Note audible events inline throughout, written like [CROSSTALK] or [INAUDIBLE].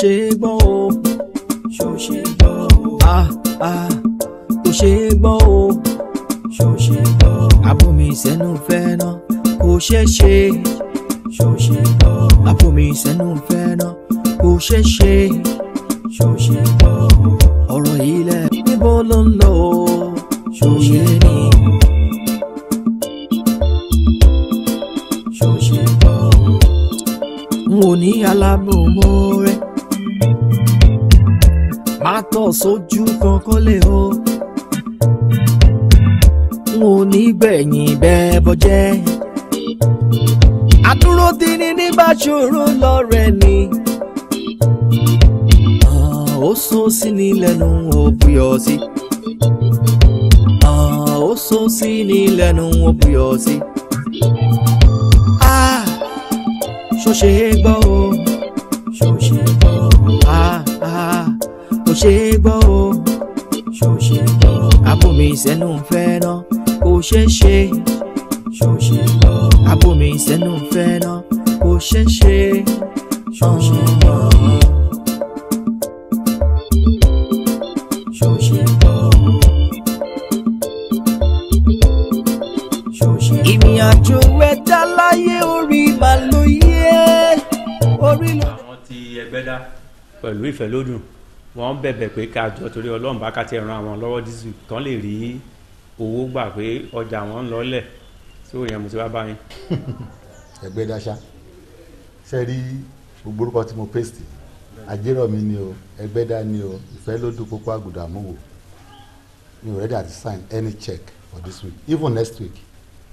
ṣe gbọ́ o. ṣó ṣe gbọ́ o. a ah, a ah, kò ṣe gbọ́ o. ṣó ṣe gbọ́ o. àbomi sẹ́nu fẹ́ ná kò ṣe ṣe. ṣó ṣe gbọ́ o. àbomi sẹ́nu fẹ́ kò ṣe ṣe. ṣe gbọ́ o. ọ̀rọ̀ ilẹ̀ níbo ló ń lọ o. ṣó ṣe gbọ́ o. ṣe gbọ́ o. n ò ní alábò. sójú kankan lè o n ò ní gbẹ̀yìn bẹ́ẹ̀ bọ́jẹ́ àdúró ti ní nígbà ṣòro lọ́rẹ̀ ni ó so sí ni lẹ́nu ó buyọ̀ sí ó so sí ni lẹ́nu ó buyọ̀ ah, ṣó ṣe é gbọ́. ìfẹ́ lódùn wọ́n ń bẹ̀bẹ̀ pé ká jọ torí ọlọ́run bá ká ti ran àwọn lọ́wọ́ dísù kán lè rí owó gbà pé ọjà wọn ń lọ́lẹ̀ tí òòyàn mo ti wá bá yín. [LAUGHS] ẹgbẹ́ dáṣá ṣe rí gbogbo tí mo paste àjẹrọ mi ni o ẹgbẹ́dá ni o ìfẹ́ lódùn kókó àgùdà àmúwò mi ò ready to sign any check for this week even next week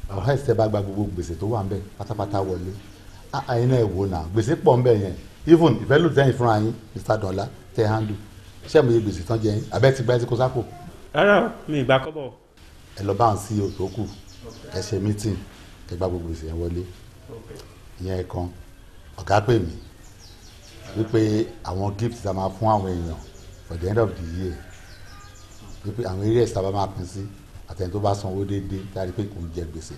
ọ̀hún ẹ̀sẹ̀ bá gba gbogbo gbèsè tó wà ń bẹ̀ pátápátá wọlé àyìnlá ah, ah, ẹ̀wò náà gbèsè pọ̀ ń bẹ̀ yẹn even if ìfẹ́lò tẹ́yìn fúnra yín mr dọ́là tẹ́ handle iṣẹ́ mi yé gbèsè tán jẹ yín abẹ́ ti gbá ẹtí kó sápò. rárá mi ì gbà kọ́bọ̀. ẹ lọ bá ń sí oṣù kù ẹ ṣe meeting ẹ gba gbogbo gbèsè yẹn wọlé ìyẹn ẹ kan ọ̀gá pè mí wípé àwọn gift tá a máa fún àwọn èèyàn for the end of the year wípé àwọn eré ẹ̀sìn tá a bá máa pín sí àtẹ̀yìn tó bá sanwó déédéé tá a rí pé kò ń jẹ gbèsè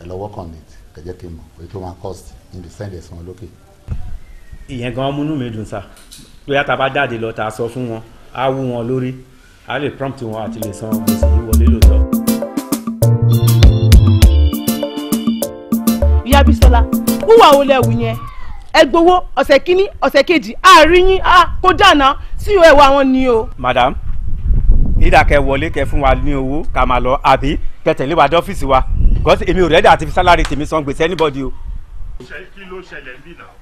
ẹ lọ work on it kẹjẹ kí n mọ̀ èyí tó máa cost in the send ẹ̀sìn wọn lókè. Okay ìyẹn gan múnú mi dùn sá bóyá tá a bá jáde lọ tá a sọ fún wọn á wú wọn lórí á lè prompt wọn àti lè san gbèsè yìí wọlé lóòótọ́. ìyá Bísọ́lá wúwà wo lẹ́wù yẹn ẹ gbowó ọ̀sẹ̀ kínní ọ̀sẹ̀ kejì àárín yín á kó dànà sí ẹwà wọn ni o. madam ìdá kẹ wọlé kẹ fún wa ní owó ká máa lọ àbí kẹ tẹ̀lé wa dọ́fíìsì wa gọ́sì èmi ò rẹ́dà àti fi sálárì tèmi san gbèsè anybody o. kí ló ṣẹlẹ̀ ń bì náà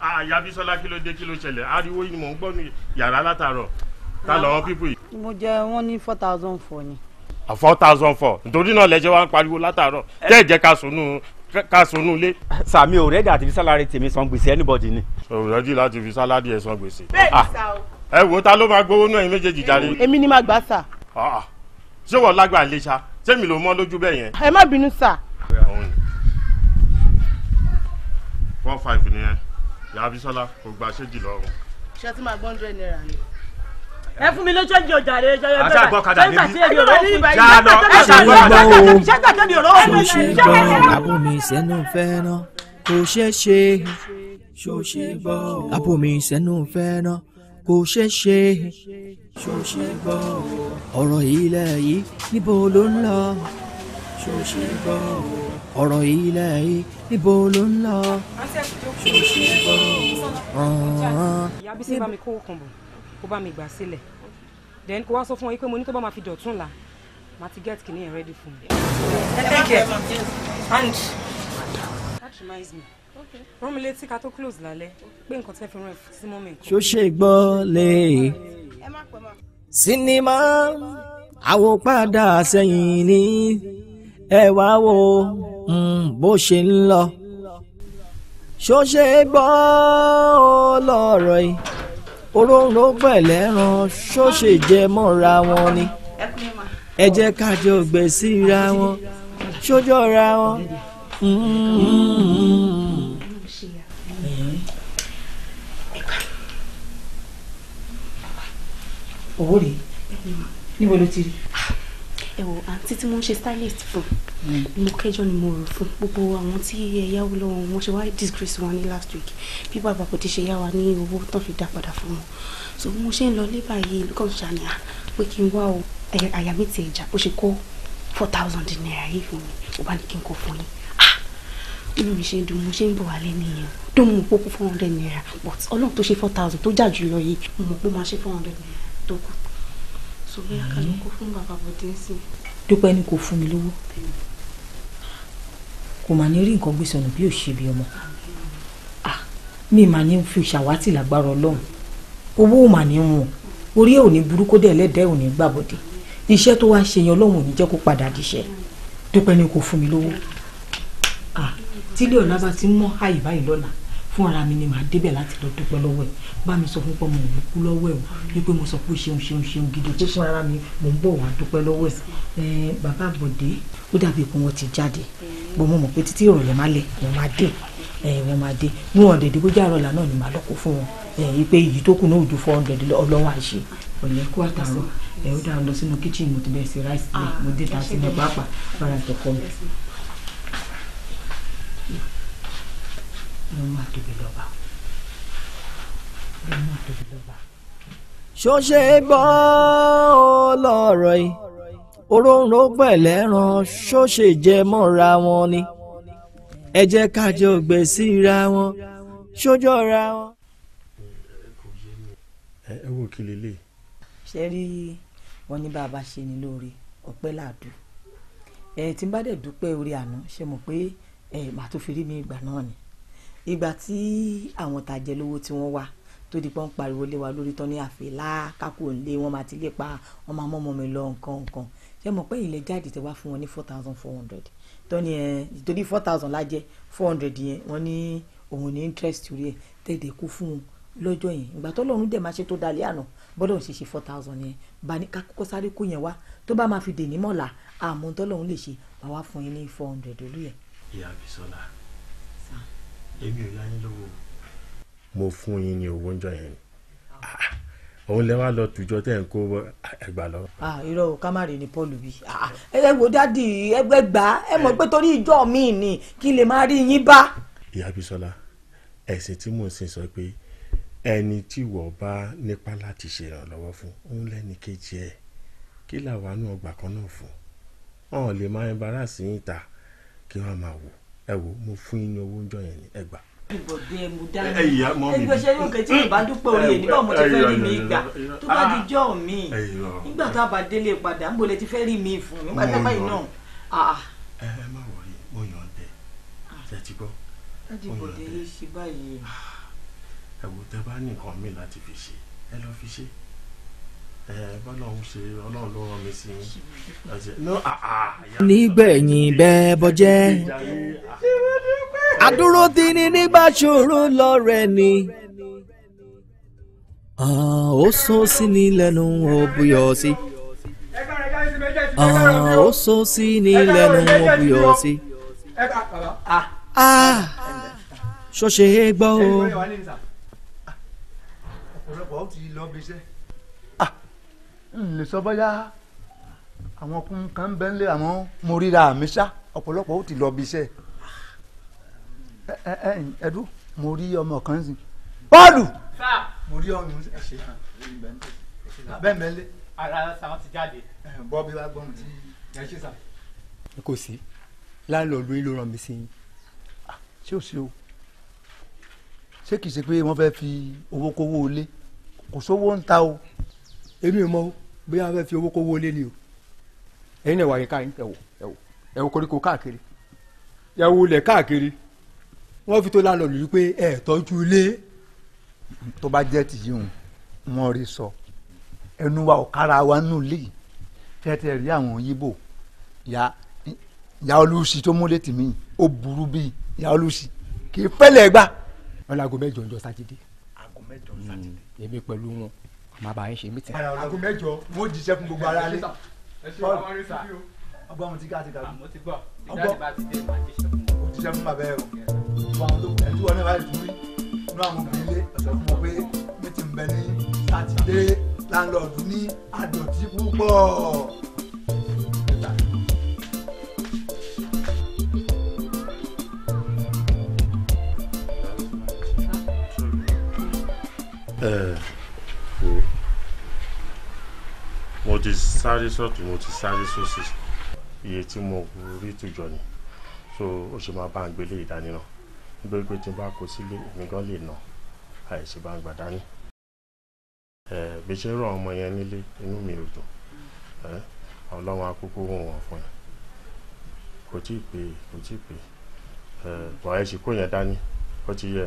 àyà ah, Bísọ́lá kí ló dé kí ló ṣẹlẹ̀ ariwo yìí ni mò ń gbọ́ ní yàrá látàárọ̀ ta lọ́wọ́ pípù yìí. mo jẹ wọn ní four thousand four ni. Ah, four thousand four nítorí náà lẹ́jẹ̀ wa ń pariwo látàárọ̀ tẹ́ ẹ̀ jẹ́ ká sunú ká sunú ilé. sàmì ò rẹ́dí àti fi sálárì tèmi san gbèsè anybody ni. ò rẹ́dí láti fi sálárì ẹ̀ san gbèsè. bẹ́ẹ̀ ni ah. sá o. ẹ wo ta ló máa gbowó náà yín méjèèjì jáde. èmi ni màá gbà sà. ṣé wọ́n lágbà lè sa sẹ́mi ló mọ́ lójú bẹ́ẹ̀ yẹn. ẹ má bínú sà. one five ni ẹ ìyá Abisola kò gba ṣéjì lọ́rùn. ṣé tí máa gbọ́n hundred naira ni. ẹ fún mi lójú ẹjọ ọjà rẹ jẹjẹrẹ bẹẹ ṣé nígbà tí èdè ọ̀rọ̀ òfin ṣá lọ ẹ ṣá lọ ṣé nígbà tí èdè ọ̀rọ̀ òfin ṣá lọ. ṣòṣe sẹ́nu fẹ́ràn kò ṣeé ṣe ṣòṣe gbọ́ lábòmí sẹ́nu fẹ́ràn kò ṣeé ṣe ṣòṣe gbọ́ ọ̀rọ̀ ilẹ̀ yìí níbo ló ń lọ ṣòṣe gbọ́ ọ̀rọ̀ ilẹ̀ yìí níbo ló ń lọ. ìyá bísí bá mi kó kàn bọ̀ kó bá mi gbà sílẹ̀ then kó wá sọ fún wọn yìí pé mo ní tó bá máa fi dọ̀tún la màá ti get kìnìún ready fún mi. ẹ tẹ́ and that reminds me rán mi létí ká tó close lálẹ́ pé nǹkan tẹ́ fi rán ẹ sí mọ́mì. ṣó ṣe gbọ́ lè. sinimá àwòpadà sẹ́yìn ni ẹ wá wo mm, bó ṣe ń lọ ṣó ṣe gbọ́ lọ́rọ̀ yìí òróǹro pẹ̀lẹ́ran ṣó ṣe jẹ mọ́ra wọn ni ẹ jẹ́ ká jọ gbẹ̀ síra wọn ṣójọ́ ra wọn. Mm-hmm. owó rèé níbo ló ti rí. ẹ wo a títí mo ń ṣe stylist fún mo kẹjọ ni mo rò fún gbogbo àwọn tí ẹyáwó lọ́wọ́ wọn ṣe wá disgrace wọn ní last week bí bàbá kò ti ṣe yá wa ní owó tán fi dá padà fún wọn so mo ṣe ń lọ lébà yìí lókàn ṣàníyà ah, pé kí n wá o àyà mi ti ẹ̀jà bó ṣe kó four thousand naira yìí fún mi ó bá ní kí n kó fún yín ah! inú mi ṣe ń dùn mo ṣe ń bọ̀ wálé nìyẹn tó mú kókó four hundred naira but ọlọ́run tó ṣe four thousand tó jà jù lọ yìí mo mọ̀ pé máa ṣe four hundred naira tó kù so bóyá ká fún bàbá bòdì ń sìn dúpẹ́ ni kò fún mi lówó kò mà ní rí nǹkan gbé sọnù bí òṣèbí ọmọ ah, mi mà ní fi ṣàwátì lágbára ọlọ́run owó ò mà ní wọn orí ẹ̀ ò ní burúkú dẹ̀ lẹ́dẹ̀ẹ́ ò ní gbàbọ̀dé iṣẹ́ tó wáá ṣe yan ọlọ́run ò ní jẹ́ kó padà díṣẹ́ dúpẹ́ ni kò fún mi lówó ah, tílé ọ̀la bá ti ń mọ́ àyè báyìí lọ́la fún ara mi ni màá débẹ̀ láti lọ dúpẹ́ lọ́wọ́ ẹ̀ bá mi sọ fún pọ́ mo kú lọ́wọ́ ẹ̀ o wípé mo sọ pé ṣeun ṣeun ṣeun gidi pé fún ara mi mò ń bọ̀ wá dúpẹ́ lọ́wọ́ ẹ̀ bàbá àbọ̀dé ó dàbí pé wọ́n ti jáde bọ́n mo mọ̀ pé títí ìrọ̀lẹ́ má lẹ̀ wọ́n máa dé wọ́n máa dé bí wọ́n dẹ̀dẹ̀ kó jàrọ̀ là náà ni màá lọ́kọ̀ fún wọn wípé èyí tó kù náà ò ju four hundred ọlọ́wọ́n àṣẹ ọ̀yẹ́ kó àtàrọ̀ ẹ̀ ó dára lọ sínú kíchìn mo ti bẹ̀rẹ̀ sí ráìsì mo dé ta sínú pápá bára tọkọ mi. ṣó ṣe gbọ́ lọ́rọ̀ yìí òróǹro pẹ̀lẹ́ran ṣó ṣe jẹ mọ́ra wọn ni ẹ jẹ́ ká jọ gbèsè ra wọn ṣójọ́ ra wọn. ẹ wo kí lélẹ̀. ṣe rí wọn ní bàbá ṣe ni lóore ọpẹ́ làdú ẹ tí n bá dẹ̀ dúpẹ́ orí àná ṣe mọ̀ pé ẹ màá tó fi rí mi ìgbà náà ni ìgbà tí àwọn tàjẹ́ lówó tí wọ́n wà tó di pọ́n pariwo lé wa lórí tán ní àfẹ́lá kákò ńlé wọn máa ti lé pa wọn máa mọ́mọ́ mi lọ nǹkan nǹkan ṣé mọ̀ pé ilẹ̀ jáde ti wá fún wọn ní four thousand four hundred tọ́ni ẹ̀ torí four thousand lájẹ́ four hundred yẹn wọ́n ní òun ní interest rí ẹ̀ tẹ̀dẹ̀ kú fún un lọ́jọ́ yẹn ìgbà tó lọ́run dẹ̀ máa ṣe tó dalẹ̀ àná bọ́dọ̀ ń ṣe ṣe four thousand yẹn bá ní kakókó sáré kó yẹn wá tó bá máa fi dè ní mọ̀lá àmọ́ tọ́lọ́run lè ṣe máa wá fún yín ní four hundred olú yẹn. ìyá Bísọ́lá èmi ò yá yín lówó. mo fún yín ní owó oúnjẹ yẹn ni ah, òun lẹ wá lọ tùjọ tẹ ń kó ah, ẹgbà lọ. Ah, irọ́ ká má rí ni paul bí ẹ wo dádì ẹgbẹ́ gbà ẹ mọ̀ eh. pé torí ìjọ mi ni kí lè má rí yín bá. ìyá Bísọ́lá ẹ̀sìn tí mò ń sìn sọ pé ẹni tí wọ́n bá nípa láti ṣe ìrànlọ́wọ́ fún òun lẹ́ni kejì ẹ̀ kí làwọn àánú ọgbà kan náà fún ọ̀n lè máa ń bara sí ìta kí wọ́n máa wò ẹ wo mo fún yín ní owó oúnjẹ yẹn ní ẹgbà. ìbọ̀dé mo dáná ẹgbẹ́ ṣe ní nǹkan tí mo bá dúpẹ́ orí èmi mo ti fẹ́ rí mi gbà tó bá di jọ́ mi nígbà tó a bá délé padà ń bolẹ̀ ti fẹ́ rí mi fún mi pàtẹ́ báyìí náà. ẹ ẹ má wọrí mo yàn án bẹ́ẹ̀ ẹ ti gbọ́. ìbọ̀dé yìí ṣe báyìí. ẹ wo tẹ bá nìkan mi láti fi ṣe ẹ lọ fi ṣe bọ́lọ́hún ṣe ọlọ́run ló rán mi sí i. nígbẹ̀yìn bẹ́ẹ̀ bọ́jẹ́ àdúró ti ní nígbà ṣòro lọ́rẹ̀ ni ó sọ sí ni lẹ́nu ó buyọ̀ sí ó sọ sí ni lẹ́nu ó buyọ̀ sí ṣọ́ṣe gbọ́ n lè sọ bóyá àwọn kun kan ń bẹ ń lé àmọ́ mo ríra mi sá ọ̀pọ̀lọpọ̀ ó ti lọ bí iṣẹ́ ẹ ẹ ẹdú mo rí ọmọ kan sí bọ́ọ̀lù mo rí ọmọ ẹ ṣe kan bẹ́ẹ̀ bẹ́ẹ̀ lé ara sàwọn ti jáde bọ́ọ̀bí wa gbọ́n ti ẹ ṣe sà. kò sí láńlọ́ọ̀dù yín ló ràn mí sí i. Ah, ṣé o ṣe o ṣé kìí ṣe pé wọ́n fẹ́ fi owó kówó lé kò sówó ń ta o. èmi ò mọ o bóyá wọ́n fẹ́ fi owó kówó lé ni o ẹ̀yin náà wà yín káyín ẹ̀wò ẹ̀wò ẹ̀wò koríko káàkiri ẹ̀wò ilẹ̀ káàkiri wọ́n fi tó lálọ́ọ̀lù yìí pé ẹ̀ tọ́jú ilé tó bá jẹ́ tìyí òun wọ́n rí sọ ẹnu wa ọ̀kára wa nù lè tẹ́tẹ́ rí àwọn yíbò ya ya olùsí tó múlẹ̀ tì mí ó burú bíi ya olùsí kì í pẹ́lẹ̀ gbà. ọ̀làgọ́ mẹ́jọ ọjọ́ sátidé. àgọ́ mẹ́jọ sátidé. èmi pẹ̀lú wọn màá bá yín ṣe mítìn. aago mẹ́jọ mo jíṣẹ́ fún gbogbo ara rẹ. ọgbọ́n mo ti ká ti dàgbà. ọgbọ́n mo jíṣẹ́ fún bàbá ẹ o. gbogbo àwọn tó kù ẹ̀ tí wọ́n náà bá tún rí inú àwọn obìnrin lé ọ̀sẹ̀ fún wọn pé mítìn bẹ ní sátidé láńlọ́ọ̀dù ní àdọ̀tí púpọ̀. Uh, mo ti sáré sọ́tún mo ti sáré sósì iye tí mo rí tùjọ ni so ó ṣe máa bá ń gbélé ìdání náà nítorí pé tí n bá kó sílé èmi gan lè nà àìsí bá ń gbà dání bí ṣe rán ọmọ yẹn nílé inú mi ò dùn ọlọ́run akókó wọn wọ̀ fún yẹn kò tí ì pè kò tí ì pè bọ̀ ẹ̀ ṣì kó yẹn dání ó ti yẹ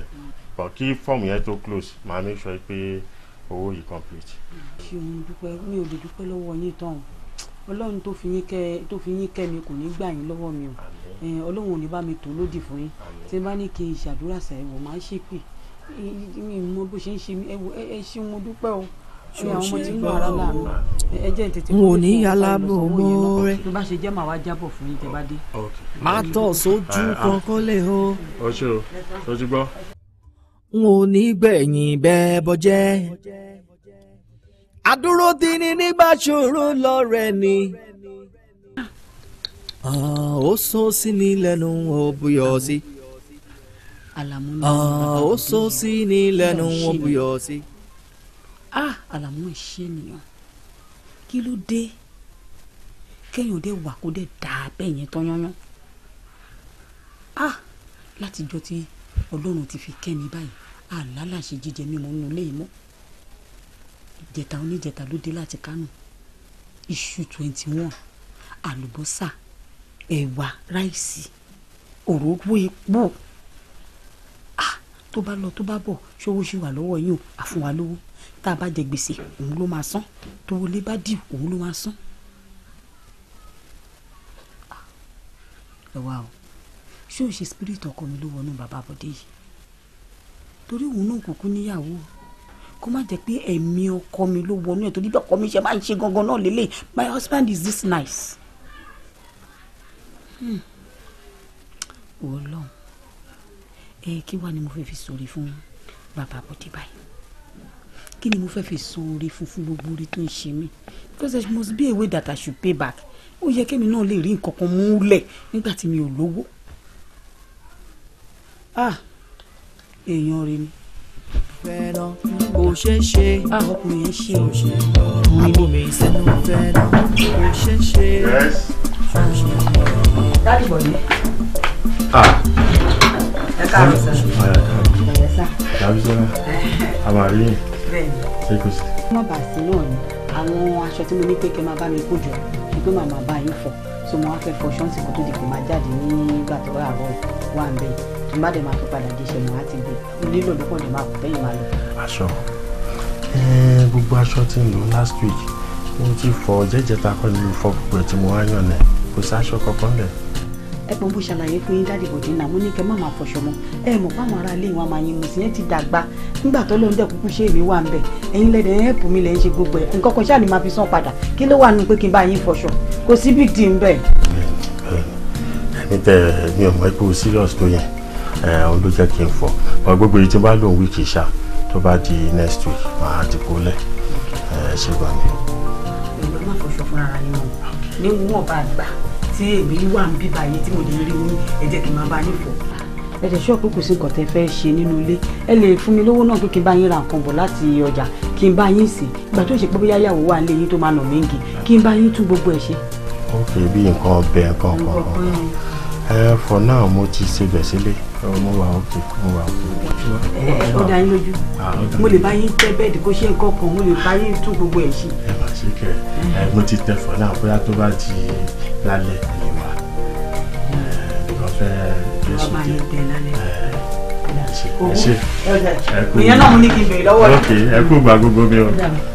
bọ̀ kí fọ́ọ̀mù yẹn tó close màá make sure pé owó yìí complete. ṣé mo dúpẹ́ mi ò lè dúpẹ́ lọ́wọ́ yín tán ọlọ́run tó fi yín kẹ́ mi kò ní gbà yín lọ́wọ́ mi o ọlọ́run ò ní bá mi tò lódì fún yín tí bá ní kí n ṣàdúrà sẹ́wọ̀n máa ṣépè mi mọ bó ṣe ń ṣe mi ẹ ṣé mo dúpẹ́ o àwọn ní yálàbọ̀ mọ́ rẹ. má tọ̀ sójú kankan lè o. ọṣù ọṣù gbọ́ n ò ní gbẹ̀yìn bẹ́ẹ̀ bọ́jẹ́. àdúró ti ní nígbà ṣòro lọ́rẹ̀ ni. ó sọ sí ni lẹ́nu ó sí. ó sọ sí ni lẹ́nu ó buyọ̀ sí. àlàmú ìṣe nìyàn kí ló dé kéèyàn dé wà kó dé dà bẹ́ẹ̀ yẹn tán yányán. látijọ́ ti ọlọ́run ti fi kẹ́ni báyìí àlálàṣe jíjẹ mímu nínú ilé yìí mọ́ ìjẹta oníjẹta ló dé láti kánò iṣu twenty one àlùbọ́sà ẹ̀wà ráìsì òróró epo tó bá lọ tó bá bọ̀ ṣòwò ṣì wà lọ́wọ́ yín o àfúnwa lówó tá a bá jẹ gbèsè òun ló máa san tó wọlé bá dì òun ló máa san. ẹ wá o ṣé ò ṣe spirit ọkọ mi ló wọnú bàbá àbọ̀dé yìí torí òun náà kúkú níyàwó kó má jẹ́ pé ẹ̀mí ọkọ mi ló wọnú ẹ̀ torí bí ọkọ mi ṣe máa ń ṣe gangan náà lélẹ̀ my husband is this nice. ọlọ́run hmm. ẹ kí wàá ni mo fẹ́ fi sọ̀rọ̀ fún bàbá àbọ̀dé báyìí kí ni mo fẹ́ fi san oore funfun gbogbo orí tó ń ṣe mí because there must be a way that I should pay back ó yẹ kémi náà lè rí nǹkan kan mú lẹ̀ nígbà tí mi ò lówó ah èèyàn rẹ ni. fẹ́ràn kò ṣeé ṣe ọkùnrin yẹn ṣe òṣè àbò mi sẹ́nu fẹ́ràn kò ṣeé ṣe. dáàbì bọ̀ ni. ẹ káàárọ̀ sá. ẹ̀yẹ sá. dábì sọ́ra àbàrí yẹn ṣe kò sí. wọ́n bá sí náà ni àwọn aṣọ tí mo ní pé kẹ́ máa bá mi kó jọ ni pé màmá bá yín fọ̀ so mo wá fẹ́ fọ̀ ṣọ́ọ̀ṣì kó tó di pé máa jáde nígbà tó rà rọ̀ ń bẹ̀yìn tí má dẹ̀ máa fi padà di ìṣẹ̀lẹ̀ láti gbé nílò lókàn lè máa kú tẹ́yìn máa lọ. aṣọ gbogbo aṣọ tí mo last week mo ti fọ jẹ́jẹ́ ta kọ́ nínú fọ gbogbo ẹ̀ tí mo wá yàn lẹ̀ kò sí aṣọ kankan lẹ̀. ẹ pọ́n bó ṣàlàyé fún yín dáàdì bòdì náà mo ní kẹ́ má máa fọṣọ mọ́ ẹ mọ̀ fáwọn ará ilé wa máa yin mo sì yẹn ti dàgbà nígbà tó lóun dẹ̀ kúkú ṣé èmi wà ń bẹ̀ ẹ̀yin lẹ́dẹ̀ ẹ̀ pù mí lẹ́ ń ṣe gbogbo ẹ̀ nǹkan kan ṣáà ni máa fi san padà kí ló wà nínú pé kí n bá yín fọṣọ kò sí big deal ń bẹ̀. ẹni tẹ mi ò mọ ipò serious tó yẹn òun eh, ló jẹ́ kí n fọ̀ ọ̀ gbogbo èyí tí bá lòun wíìkì ṣá tó bá di next week màá ti kó lẹ̀ eh, ṣe gbà mí. èmi máa fọṣọ fún ara yín o níwọ̀n bá gbà tí èmi wà ń bíbá yìí tí mo lè rí yín ẹ jẹ́ kí n máa bá yín fọ̀ ẹ dẹ̀ ṣọ́ọ̀pù kò sí nǹkan tẹ́ fẹ́ ṣe nínú ilé ẹ lè fún mi lówó náà pé kí n bá yín ra nǹkan bọ̀ láti ọjà kí n bá yín sè ìgbà tó ṣe pé bóyá ìyàwó wà nílé yín tó máa nà mí ń gi kí n bá yín tún gbogbo ẹ̀ ṣe. ó fi bí nǹkan ọbẹ̀ nǹkan kan kan ẹ for now mo ti ṣebẹ̀ sílé mo wà òkè mo wà òkè. ó dá yín lójú ah, mo lè bá yín tẹ bẹ́ẹ̀dì kó ṣe nǹkan kan mo lè bá yín tún gbogbo ẹ̀ ṣe. ẹ má ṣe kẹ ẹ mo ti tẹ for now bóyá tó bá di lálẹ́ ẹ̀yìn wa ìkọ̀fẹ́ jésù jẹ́ ẹ ṣe ẹ kú ìyẹn náà mo ní kí n bèrè lọ́wọ́ rẹ. ẹ kú gba gbogbo mi o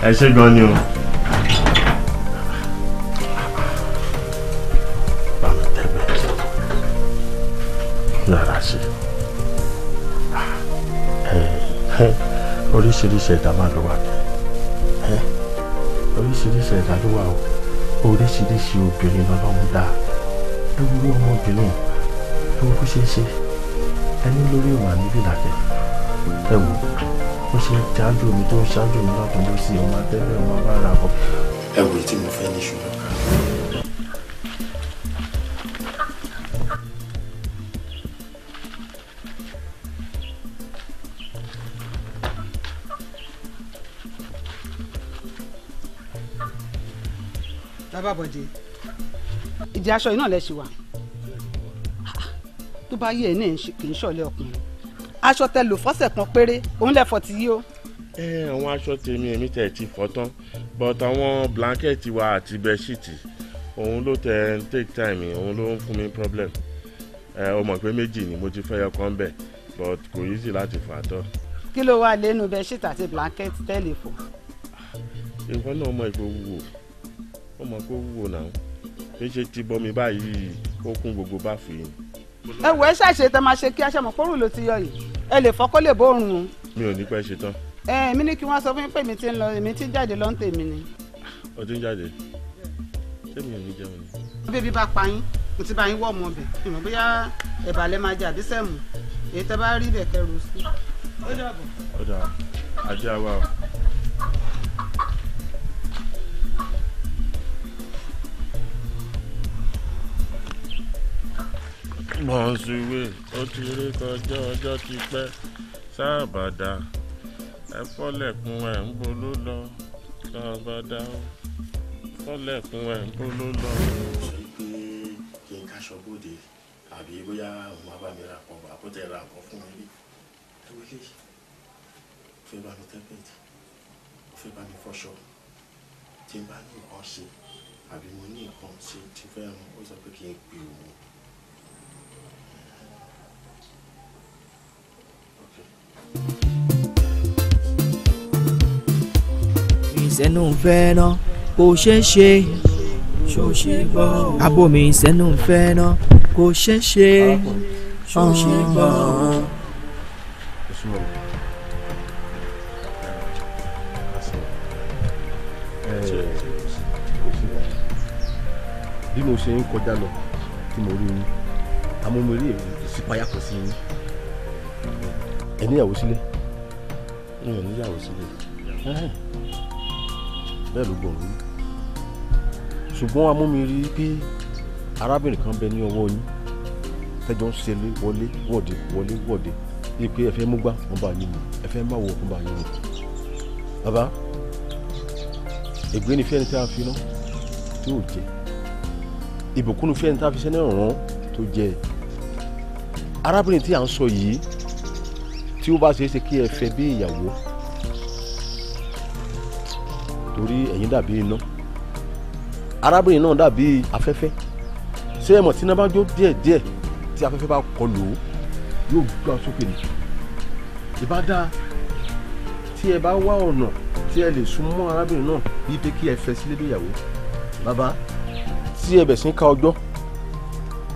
ẹ ṣe gan ni o. oríṣiríṣi ẹ̀dá máa ló wà ẹ́ oríṣiríṣi ẹ̀dá ló wà o oríṣiríṣi obìnrin lọ́lọ́run dá lórí ọmọbìnrin lórí bó ṣe ṣe ẹni lórí ìwà níbí làkẹ́ ẹ wò ó ṣe ṣáájú mi tó ń ṣáájú mi lọ́dún lọ́sí ọmọ atẹ́lẹ̀ ọmọ abára bọ̀ ẹ wò tí mo fẹ́ ní ṣùgbọ́n. bàbá bọ̀dé. ìdí aṣọ yìí náà lẹ ṣe wà tó bá yé ẹ náà kì í ṣọlẹ ọkùnrin aṣọ tẹ lò fọ́sẹ̀ kan péré òun lẹ fọ́ ti yí o. ẹ àwọn aṣọ tèmi èmi tẹ ti fọ́ tán but àwọn blanketi wa àti bẹṣíìtì òun ló tẹ ń take time òun ló ń fún mi problem ẹ o mọ̀ pé méjì ni mo ti fẹ́ yọ kan bẹ̀ but kò easy láti fà tọ́. kí ló wà lẹ́nu bẹṣíìtì àti blanketi tẹ́lẹ̀ fọ́. ìwọ náà mọ ìpè wúwo ó mọ̀ pé ó wúwo náà kì í ṣe ti bọmi báyìí ó kún gbogbo bá fi. ẹ wọ ẹ ṣàṣe tẹ máa ṣe kí aṣọ mọ̀kóró ló ti yọ yìí ẹ lè fọ́kọ́ lè bórun o. mi ò ní pẹ́ ṣe tán. ẹ èmi ní kí wọ́n sọ fún mi pé èmi ti ń lọ èmi ti ń jáde lọ́n tèmi ni. o ti ń jáde ṣé mi ò ní jẹun ni. bébí bá pa yín mo ti bá yín wọ̀ ọmọ ìmọ̀ bóyá ẹ̀bà máa jẹ àbí èyí tẹ́ bá rí ibẹ̀ kẹrù sí. ó dàbọ̀. àwa o. mọ̀ọ́sùwé ó ti rí kọjá ọjọ́ ti pẹ́ sáàbàdà ẹ fọ́lẹ̀kùn ẹ̀ ń bolú lọ sáàbàdà ó fọ́lẹ̀kùn ẹ̀ ń bolú lọ. sọ pé kí n káṣọ bóde àbí bóyá òun abámi ra kan bá ra kan fún mi rí ẹ wọlé bá mi tẹ́pẹ̀tì fẹ́ bá mi fọṣọ tí n bá ní nǹkan ṣe àbí mo ní nǹkan ṣe ti fẹ́ ó sọ pé kí n pè òun. ìsẹ́nu fẹ́ ná kò ṣeé ṣe ṣòṣe bọ́ abo mi ìsẹ́nu fẹ́ ná kò ṣeé ṣe ṣòṣe bọ́. bí mo ṣe ń kọjá lọ tí mo rí yín àmọ́ mo rí èyí kan sí yín ẹ níyàwó sílé mi ò níyàwó sílé bẹ́ẹ̀ ló gbọ̀n wí ṣùgbọ́n amúmiri pé arábìnrin kan bẹ ní ọwọ́ yín tẹ́jọ́ ń ṣe wọlé wọ̀de wọlé wọ̀de bíi pé ẹ̀fẹ́ múgbà wọn bá yín mu ẹ̀fẹ́ má wọ̀ wọn bá yín mu bàbá ègbé ni fẹ́ni tá a fi rán tí ò jẹ ìbùkún ni fẹ́ni tá a fi sẹ́ni rán tó jẹ arábìnrin tí à ń sọ yìí tí ó bá ṣeé ṣe kí ẹ fẹ́ bí ìyàwó torí ẹ̀yin dàbí iná arábìnrin náà dàbí afẹ́fẹ́ ṣé ẹ mọ̀ tí iná bá jó díẹ̀díẹ̀ tí afẹ́fẹ́ bá kọlù ó yóò gbà sókè ní ìbá dáa tí ẹ bá wá ọ̀nà tí ẹ lè súnmọ́ arábìnrin náà bíi pé kí ẹ fẹ́ sílé ìyàwó bàbá tí ẹ bẹ̀ sí ká ọjọ́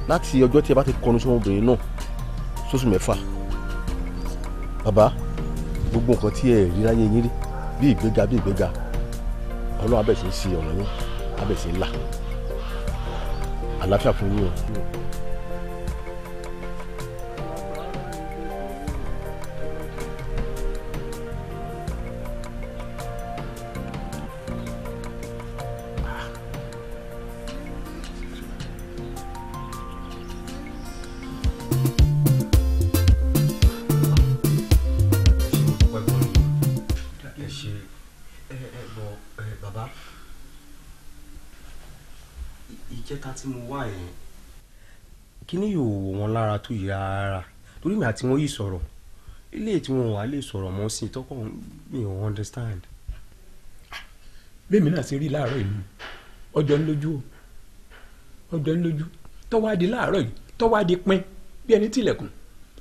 láti ọjọ́ tí ẹ bá ti kọnu sọ́mọbìnrin náà sóṣù mẹ́fà bàbá gbogbo nǹkan tí ẹ rí láyé yín rí bí ìgbéga bí ìgbéga ọlọ́run abẹ́sẹ̀ ń ṣe ọ̀nà yín abẹ́sẹ̀ ń là àlàáfíà fún yín o. tó yìí rárá torí mi àti wọn yìí sọ̀rọ̀ ilé tí wọn wà lè sọ̀rọ̀ mọ́ sí tọkọ mi ò understand. bẹ́ẹ̀ mi náà ṣe rí láàárọ̀ ìlú ọjọ́ ń lójú o ọjọ́ ń lójú tọ́wọ́ adé láàárọ̀ yìí tọ́wọ́ adé pín bí ẹni tilẹ̀kùn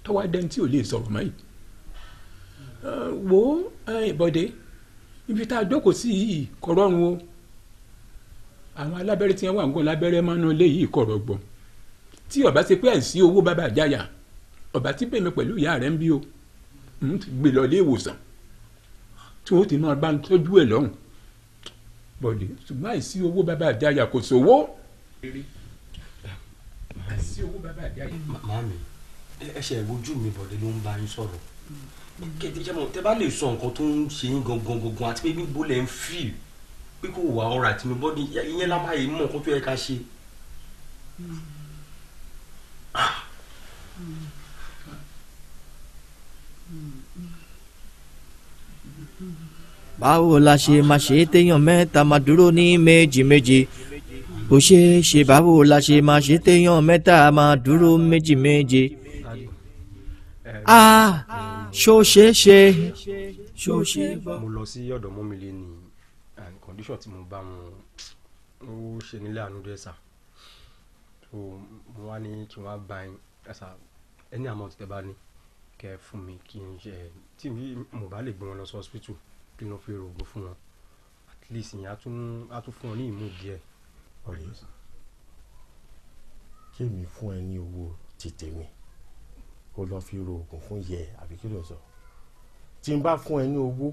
tọ́wọ́ tí ò lè sọ̀rọ̀ mọ́ yìí. wo ìbọ̀dé ibi tá a jókòó sí yìí kọ̀ rọrùn o àwọn alábẹ́rẹ́ tí wọ́n wà ń gbọ́n lábẹ́rẹ́ mọ́nú ilé yìí kọ̀ rọgbọ̀n tí ọba ṣe pé àìsí owó bàbá àjáyà ọba tí bèmí pẹ̀lú ìyá rẹ̀ ń bí o ń gbé lọ ilé ìwòsàn tí wọ́n ti máa bá ń tọ́jú ẹ̀ lọ́hùn bọ̀dé ṣùgbọ́n àìsí owó bàbá àjáyà kò sówó. àìsí owó bàbá àjáyà. màámi ẹsẹ̀ ìwojú mi bọ̀dé ló ń bá yín sọ̀rọ̀ hmm. kẹ̀tẹ̀jẹ̀ mọ̀ tẹ́ bá lè sọ nǹkan tó ń ṣe yín gangan gangan àti pé gbígbó lẹ̀ ń fì pé kò wà ọ̀rọ̀ àti mi ìyẹn lá máa yẹ mọ̀ nǹkan tó yẹ ká ṣe. Hmm báwo la ṣe máa ṣe téèyàn mẹ́ta máa dúró ní méjì méjì kò ṣeé ṣe báwo la ṣe máa ṣe téèyàn mẹ́ta máa dúró méjì Ah, a ṣó ṣeé ṣe ṣó ṣe bọ́. mo lọ sí ọ̀dọ̀ mọ́mi lé ní condition tí mo bá wọn ó ṣe nílẹ̀ àánú So mo wá ní kí n wá bá yín as a any amount tẹ bá ní kẹ fún mi kí n ṣe tí mo bá lè gbé wọn lọ sí hospital kí n lọ fi rògbò fún wọn at least ìyẹn á tún fún wọn ní ìmú díẹ̀. ọ̀rẹ́ kí èmi fún ẹ ní owó tètè mi kó lọ fi ro oògùn fún yẹ àbí kí ló sọ tí n bá fún ẹ ní owó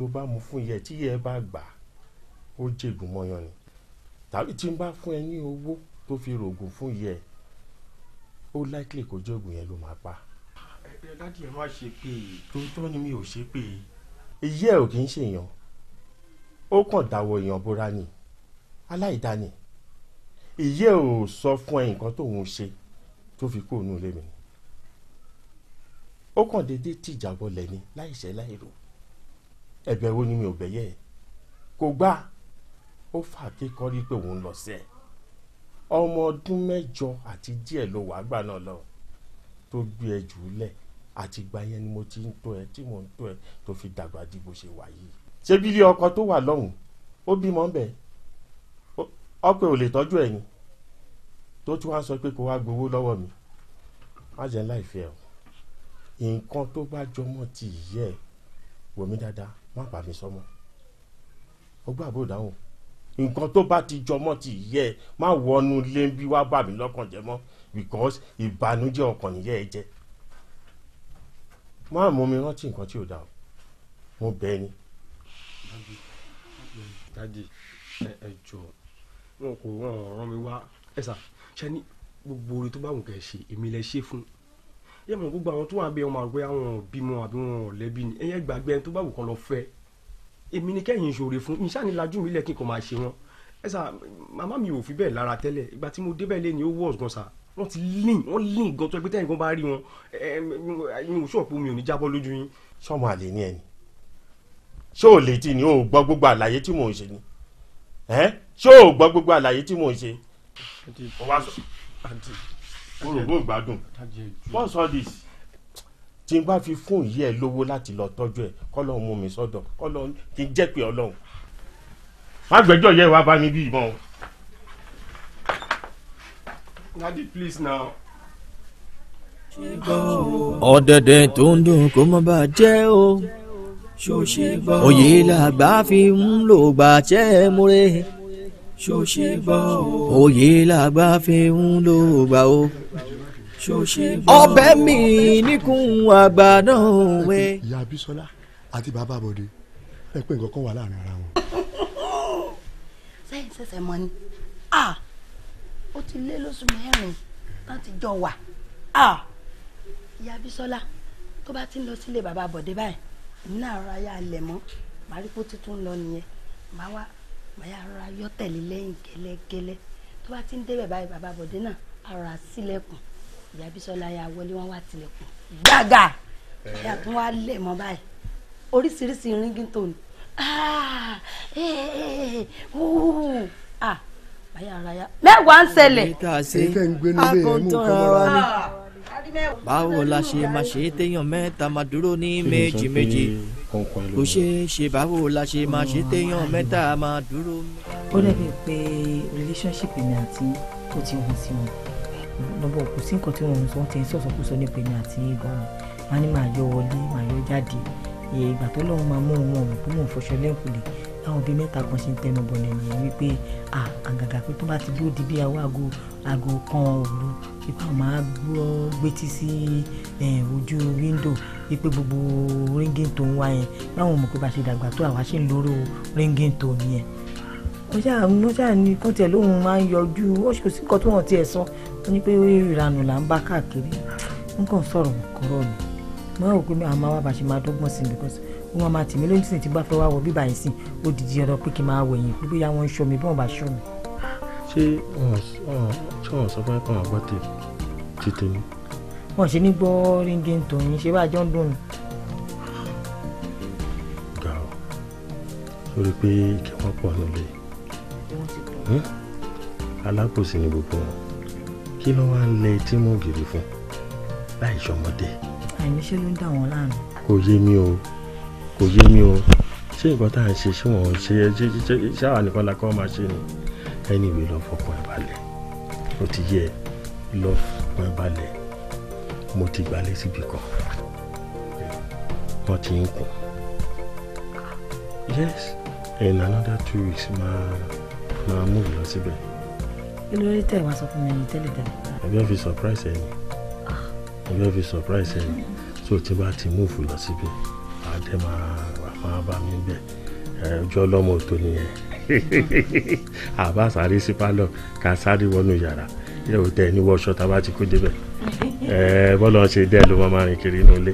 tó bá mu fún yẹ tí yẹ bá gbà ó jẹgùn mọyàn ni tàbí tí n bá fún ẹ ní owó tó fi rògùn fún yẹ ó likely kó jóògùn yẹn ló máa pa. ẹ dáàdì ẹ má ṣe pé e. tòótọ́ ni mi ò ṣe pé. iye ẹ ò kì í ṣèyàn ó kàn dáwọ́ èèyàn bóra ni aláìdáni iye ò sọ fún ẹ nǹkan tóun ṣe tó fi kó òun lé mi ó kàn déédéé tìjà bọlẹ̀ ni láìṣẹ̀ láìrò ẹ̀bẹ̀ wo ni mi ò bẹ̀yẹ̀ kò gbà ó fà kékọ́rí pé òun lọ sẹ́ẹ̀ ọmọ ọdún mẹ́jọ àti díẹ̀ ló wàá gbà náà lọ tó gbé ẹ jù ú lẹ̀ àti ìgbà yẹn ni mo ti ń tó ẹ tí mò ń tó ẹ tó fi dàgbà di bó ṣe wà yìí. ṣé bí ilé ọkọ tó wà lọ́hùn-ún ó bímọ ńbẹ ọpẹ ò lè tọ́jú ẹ̀yìn tó tún wá sọ pé kó wá gbowó lọ́wọ́ mi má jẹ́ láìfẹ́ o nǹkan tó bá jọmọ́ ti yẹ wò mí dáadáa má bà mí sọmọ ọgbà dáhùn nǹkan tó bá ti jọmọ́ ti yẹ má wọnú lé bí wá bà mí lọ́kàn jẹ́ mọ́ because ìbànújẹ́ ọkàn nìyẹn ẹ jẹ́ má mú mi rántí nǹkan tí ò dáa mo bẹ̀ ni. dadi ẹ jọ wọn kò ràn mí wá ẹ sà ṣe ni gbogbo orí tó bá wù kẹ́ ṣe èmi lẹ ṣe fún yẹ mọ gbogbo àwọn tó wà bẹ wọn máa gbé àwọn bímọ àbí wọn lẹbi ni ẹ yẹ gbàgbé tó bá wù kán lọ fẹ́ èmi ni kẹ́yìn ṣòro fún mi ṣáà ní lajú mi lẹ́kìn kan máa ṣe wọn ẹ sà màmá mi ò fi bẹ́ẹ̀ lára tẹ́lẹ̀ ìgbà tí mo débẹ̀ lé ni ó wọ̀ gan sà wọ́n ti lean wọ́n lean gan tó ẹgbẹ́ tẹ́yìn gan bá rí wọn ẹ mi ò ṣọ̀pọ̀ mi ò ní jábọ́ lójú yín. sọmọ àlè ni ẹni ṣé ò lè ti ni ò gbọ́ gbogbo àlàyé tí mò ń ṣe ni ṣé ò gbọ́ gbogbo àlàyé tí mò ń ṣe. mo sọ mo rò bó gbádùn tí n bá fi fún ìyá ẹ lówó láti lọ tọ́jú ẹ kọ́lọ́hún mú mi sọ́dọ̀ kọ́lọ́hún kí n jẹ́ pé ọlọ́hún má gbẹ́jọ́ yẹ wá bá mi bí ìbọn. Daddy please now. ọ̀dẹ̀dẹ̀ tó ń dùn kó má bàa jẹ́ o òye làgbà fi ń lò gbàjẹ́ múre òye làgbà fi ń lò gbà o ọbẹ̀ mi níkùn àgbà náà ìyá Bísọ́lá àti bàbá Bọ̀dé ẹ pé nǹkan kan wà láàrin ara wọn. sẹ́yìn sẹ́sẹ̀ mọ́ ni ó ti lé lóṣù mẹ́rin láti jọ wà ìyá Bísọ́lá tó bá ti ń lọ sílé bàbá Bọ̀dé báyìí èmi náà rọra alẹ̀ mọ́ màríkó tuntun lọ nìyẹn màá wá màá yá rọra gẹ́lẹ́gẹ́lẹ́ tó bá ti ń débẹ̀ báyìí bàbá Bọ̀dé náà ara sílẹ̀kùn ìyá Bísọ́lá ya wọlé wọn wá tilẹ̀kùn gbàgà ìyá tó wá lẹ̀ mọ́ báyìí oríṣiríṣi ringtone tòun ah, eh, eh, eh, ah, mẹ́wàá ń ṣẹlẹ̀. èyí tá a ṣe akọ̀ntọ́ra wa ah. báwo la ṣe máa ṣe téèyàn mẹ́ta máa dúró ní méjì méjì kò ṣeé ṣe báwo la ṣe máa ṣe téèyàn mẹ́ta máa dúró. ó dẹ̀ bíi pé relationship mi àti ó ti wọ́n sí wọn lọ́bọ̀ kò sí nǹkan tí òun sọ ti ń sọ̀sọ̀ kó sọ nípa èmi àti ìgbọ̀n wọn ni màá yọ wọlé màá yọ jáde ìgbà tó lọ́wọ́ máa mú òun ọ̀mọ̀ kó mò ń fọṣọ lẹ́ǹkùlé láwọn bíi mẹ́ta kan ṣe ń tẹnu bọ̀ nìyẹn wípé àgàgà pé tó bá ti dúró di bí awọ aago aago kan òru ipa máa gbọ́ gbétí sí eh, ojú wíńdò wípé gbogbo ríngìntò ń wá yẹn báwọn mọ̀ pé bá ṣe dàgbà tó àwa ṣe ń lóró ríngìntò nìyẹn mo ṣáà mo ṣáà ní kọ́ńtẹ̀ lóhun máa ń yọjú ó ṣe kọ́ tí wọ́n ti ẹ̀ tó ní pé ìranù là ń bá káàkiri n kàn sọ̀rọ̀ kọ̀rọ̀ ni mo rò pé àwọn máa wá bàṣẹ máa dọ́gbọ́n sí because wọn máa tì mí lóyún sí ti bá fẹ́ wá wọ bíbá yìí sí ó dìde ọ̀rọ̀ pé kí n máa wẹ̀yìn pé bóyá wọ́n ń ṣọ́ mi bí wọ́n bá ṣọ́ mi. ṣé wọn sọ fún ẹ kàn gbọ́ ti tèmi. wọn ṣe ní gbọ́ ríngì tòyìn ṣé bá jọ ń dùn. gbà ó sórí pé ìkẹwọ́n pọ̀ nílé hm? alákòóso ni gbogbo wọn kí ló wá lẹ tí mo gèrè fún láì ṣọmọdé. àìníṣẹ́ ló ń dà wọ́n láàmú. kò yé mi o kò yé mi o ṣé nǹkan tá à ń ṣe ṣé wọ́n ṣe ẹ ṣe ṣe ṣe àwọn nìkan la kọ́ máa ṣe ni ẹni ìwé lọ fọkàn ẹ balẹ̀ ó ti yẹ lọ fọkàn ẹ balẹ̀ mo ti gbalẹ̀ síbi kan wọ́n ti ń kùn yes in another two weeks máa máa move lọ síbẹ̀ kí ló dé tẹ̀ wá sọ fún mi ẹ̀yìn tẹ́lẹ̀ tẹ́lẹ̀. ẹbí ẹ fi surprise ẹ ni ah. ẹbí fi surprise ẹ ni so tí bá ti múùfù lọ síbi àdé máa máa bá mi bẹ ọjọ́ ọlọ́mọ òtó nìyẹn àbá [LAUGHS] sáré sí pálọ̀ ká sáré wọnú yàrá ilé òtẹ́ ní wọ́ṣọ tá a bá ti kó débẹ̀ bọ́lá ṣe dẹ́ ló máa rìn kiri inú ilé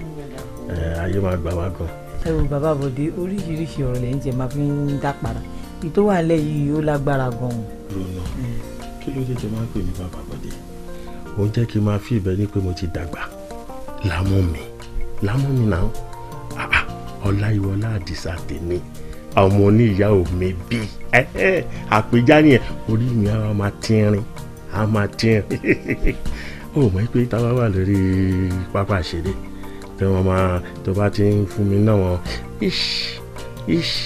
ayé máa gbà wá gan. ẹ wo bàbá bòde oríṣiríṣi ọ̀rọ̀ lẹ́yìn tí ẹ máa fi ń dá para ìtò wà ó lágbára gan-an kí ló dé o máa ń pè mí bàbá gbọ̀dẹ̀ ó jẹ́ kí n máa fi ìbẹ́ ní pé mo ti dàgbà lámú mi lámú mi náà ọláyíwọlá àdìsá tèmi ọmọ oníyá ò mi bí àpèjá nìyẹn orí mi á máa tínrín á máa tínrín [LAUGHS] ó mọ̀ pé táwa wà lórí pápá ìṣeré tí wọ́n máa tó bá ti ń fún mi náà wọ́n ish ish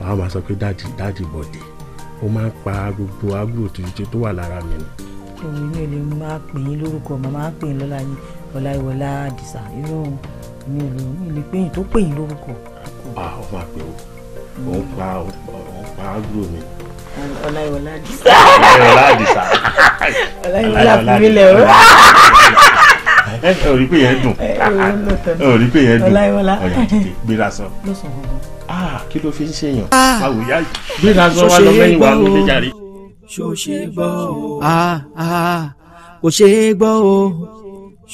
wàá máa sọ pé dáàdì dáàdì bọ̀dẹ̀ ó máa ń pa gbogbo agro tìrìtì tó wà lára mi ni. omi mi ò lè máa pè yín lórúkọ màmá pè yín lọ́la yín ọláìwọlá àdìsá irú mi ò lè mi lè pè yín tó pè yín lórúkọ. a ó máa pè ó ó pa ó pa agro mi. ọláìwọlá àdìsá. ọláìwọlá àdìsá. [LAUGHS] ọláìwọlá àfúnilẹ̀ o ẹ ò rí pé yẹn dùn ẹ eh, ò rí pé yẹn dùn ọ̀yà tètè gbéra sọ ah, kí ló fi ń ṣèyàn báwo ah. yá gbéra sọ wá lọ mẹ́yìn jàre. ṣó ṣe gbọ́ o ah, kò ṣe é gbọ́ o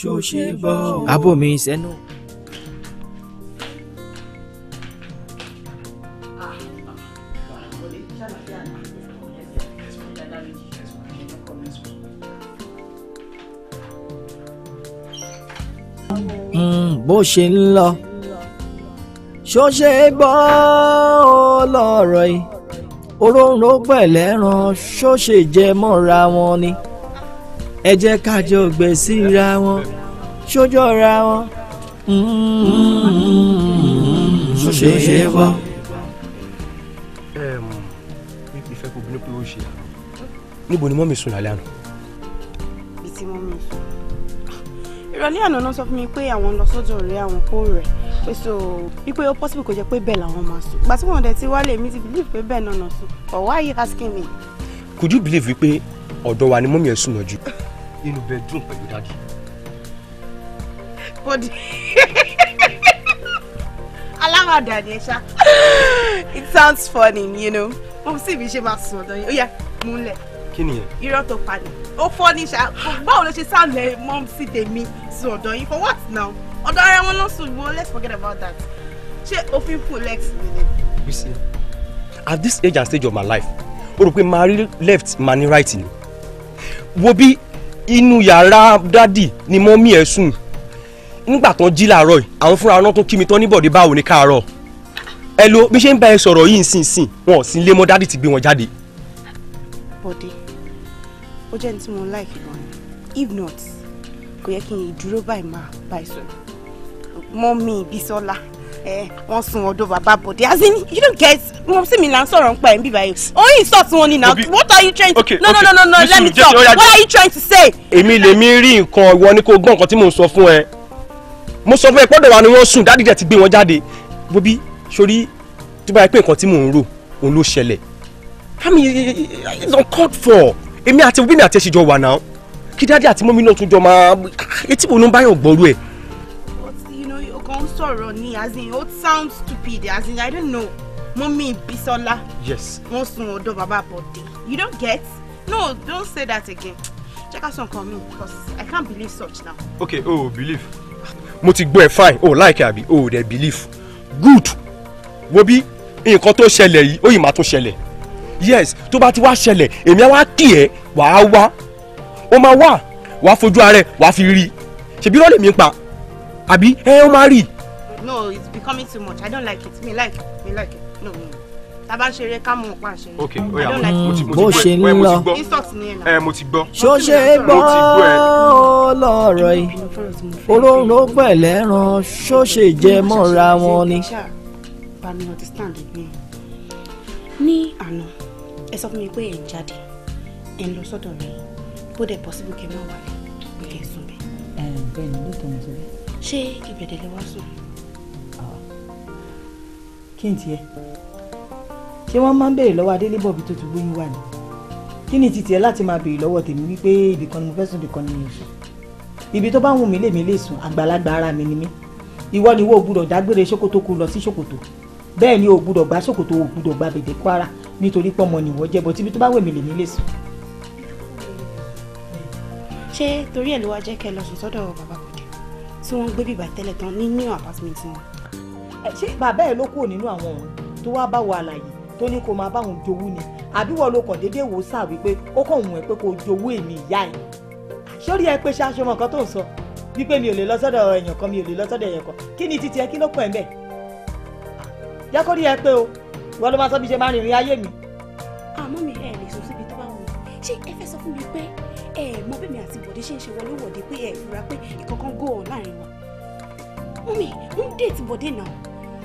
ṣó ṣe gbọ́ o abo mi sẹ́nu. bó ṣe ń lọ ṣó ṣe gbọ́ lọ́rọ̀ yìí òróǹro pẹ̀lẹ́ran ṣó ṣe jẹ mọ́ra wọn ni ẹ jẹ́ ká jọ gbé síra wọn ṣójọ́ra wọn mm-hmm. ṣó ṣe ṣe wọ́. níbo ni mọ́mí sùn lálẹ́ àná. ìrọ̀lẹ́ àná náà sọ fún mi pé àwọn lọ sọ́dọ̀ ọ̀rẹ́ àwọn kó rẹ̀ pé so wípé ó possible kò jẹ́ pé bẹ́ẹ̀ làwọn máa sùn gbà tí wọ́n dẹ̀ ti wálé mi ti believe pé bẹ́ẹ̀ náà náà sùn but why are you asking me. could you believe wípé ọ̀dọ̀ wa ni mọ́mí ẹ̀ sùn mọ́jú. inú bedroom pẹ̀lú dáàdì. bọ́dì [LAUGHS] aláwàdà ni ẹ ṣá it sounds funny you know mo sì fi ṣe máa sùn ọ̀dọ̀ yẹn ó yá múlẹ̀ kí nìyẹn. irọ́ tó pa ni ó fọ́ ní ṣá báwo ló ṣe sálẹ̀ mọ́ sí tèmi sí ọ̀dọ̀ yìí for what now ọ̀dọ̀ ara wọn ló sùn wọn let's forget about that ṣé òfin fún lex mi ni. Bísí at this age and stage of my life o rò pé màá rí left màá ní right ni wo bí inú yàrá dádì ni mọ́mí ẹ̀ sùn nígbà tán jí làárọ̀ yìí àwọn fúnra wọn tó kí mi tán níbọ̀dé báwo ni káàárọ̀ ẹ lo bí ṣe ń bá ẹ sọ̀rọ̀ yìí nísinsìnyí wọn ò sí ilé mọ́ dádì ti gbé wọn jáde. bọ́dé ó jẹ́ ní tí mo like gan ni if not kò yẹ kí n dúró báyìí máa bá ẹ sọ̀rọ̀ mọ́mí Bísọ́lá wọ́n sun ọ̀dọ̀ bàbá bọ̀dé as in you don't get wọn sí mi là ń sọ̀rọ̀ ń pa báyìí ó yìn sọ̀ tí wọ́n ní now what are you trying to okay, no okay. no no no let me talk oh, what are you trying to say. èmi lèmi rí nǹkan ìwọ ni kò gbọ́ nǹkan tí mò ń sọ fún ẹ mo sọ fún ẹ pọ́dọ̀ wa ni wọ́n sùn dádì ti gbé wọn jáde bobi sori tó bá yẹ pé nǹkan tí mò ń rò òun ló ṣẹlẹ̀ I mean it's uncalled for èmi àti bí mi àti ẹ̀ṣin jọ wà náà kí dáadé àti mọ́mí náà tún jọ máa etí wo ló ń báyọ̀ gbọ́rú ẹ̀. kan sọ̀rọ̀ ni as in it sounds stupid as in i don't know mọ́mí bisola. yes. wọ́n sun ọ̀dọ̀ bàbá bọ̀dé you don't get no don't say that again check out some comment because i can't believe such now. okay oh believe. mo ti gbọ́ ẹ fine oh like abi oh dey believe good wo bí nǹkan tó ṣẹlẹ̀ yìí ó yìí máa tún ṣẹlẹ̀ yes tó bá ti wá ṣẹlẹ̀ èmi á wá kì ẹ́ wàá wá ó máa wà wàá fojú ara ẹ wàá fi rí i ṣèbí rọ́ọ̀lì mi pa àbí ẹ ó máa rí i. no it's becoming too much i don't like it me like it me like it no no ta bá ń ṣeré ká mú un pa ṣeré. ok ó yá mo ti mo ti gbọ́ ẹ mo ti gbọ́ instruct ni ẹ nà. ẹ mo ti gbọ́. ṣó ṣe é gbọ́ lọ́rọ̀ yìí olóró pẹ̀lẹ́ ran ṣó ṣe jẹ mọ́ra wọn ni. ní àná ẹ sọ fún mi pé ẹ ń jáde ẹ ń lọ sọ́dọ̀ rẹ̀ kó dẹ̀ possible kẹ́ máa wà ní kẹ́ ẹ sùn bẹ́ẹ̀. ẹ bẹ́ẹ̀ ni lóòótọ́ mo sọ bẹ́ẹ̀. ṣé ìbẹ̀dẹ̀ lè wá sùn. kí n tiẹ̀ ṣé wọ́n máa ń béèrè lọ́wọ́ adélébọ̀ bí tó ti gbóyún wà ní kí ni titiẹ̀ láti máa béèrè lọ́wọ́ tèmi wípé ibìkan ni mo fẹ́ sùn ibìkan ni mi ò sùn ibi tó bá wù mí lèmi lè sùn àgbàlagbà ara mi ni mí ìwọ ni ìwọ ò gbúdọ̀ dágbére ṣòkòtò kù lọ sí ṣòkòtò bẹ́ẹ̀ ni ò gbúdọ̀ gbá ṣòkòtò ò gbúdọ̀ gbá bèbè kwara nítorí pé ọmọ nìwọ jẹ́ bọ́ tíbi tó bá wẹ̀ mí lè mí lè sùn. ṣé torí ẹ̀ ló wá jẹ́ kẹ́ ẹ lọ sùn sọ́dọ̀ bàbá Bọ̀dé tí wọ́n gbé bìbà tẹ́lẹ̀ tán ní new apartment wọn. ṣé bàbá ẹ ló kúrò nínú àwọn ọ̀hún tó wá bá wọ àlàyé tó ní kó máa bá òun jowú ni àbí wọ́n ló kàn déédéé wò sáà wípé ó kàn wù ẹ́ pé kó jowú èmi ìyá ẹ̀ sórí ẹ pé ṣáṣọ mọ̀ nǹkan tó ń sọ wípé mi ò lè lọ sọ́dọ̀ èèyàn kan mi ò lè lọ sọ́dọ̀ èèyàn kan kí ni títí ẹ kí ló pọ̀ ẹ́ mẹ́ jákòrí ẹ pé o wọ́n ló máa sọ bí ṣe máa rìnrìn ayé mi. àmọ́ mi ẹ lè sùn síbi tó bá wù mí ṣé ẹ fẹ́ sọ fún mi pé ẹ mọ bẹ́ẹ̀ mi àti bọ̀dé ṣe ń ṣe wọlé wọ̀dé pé ẹ fura pé ìkankan gò hàn láàrin wa. mọ́mí ń déètì bọ̀dé náà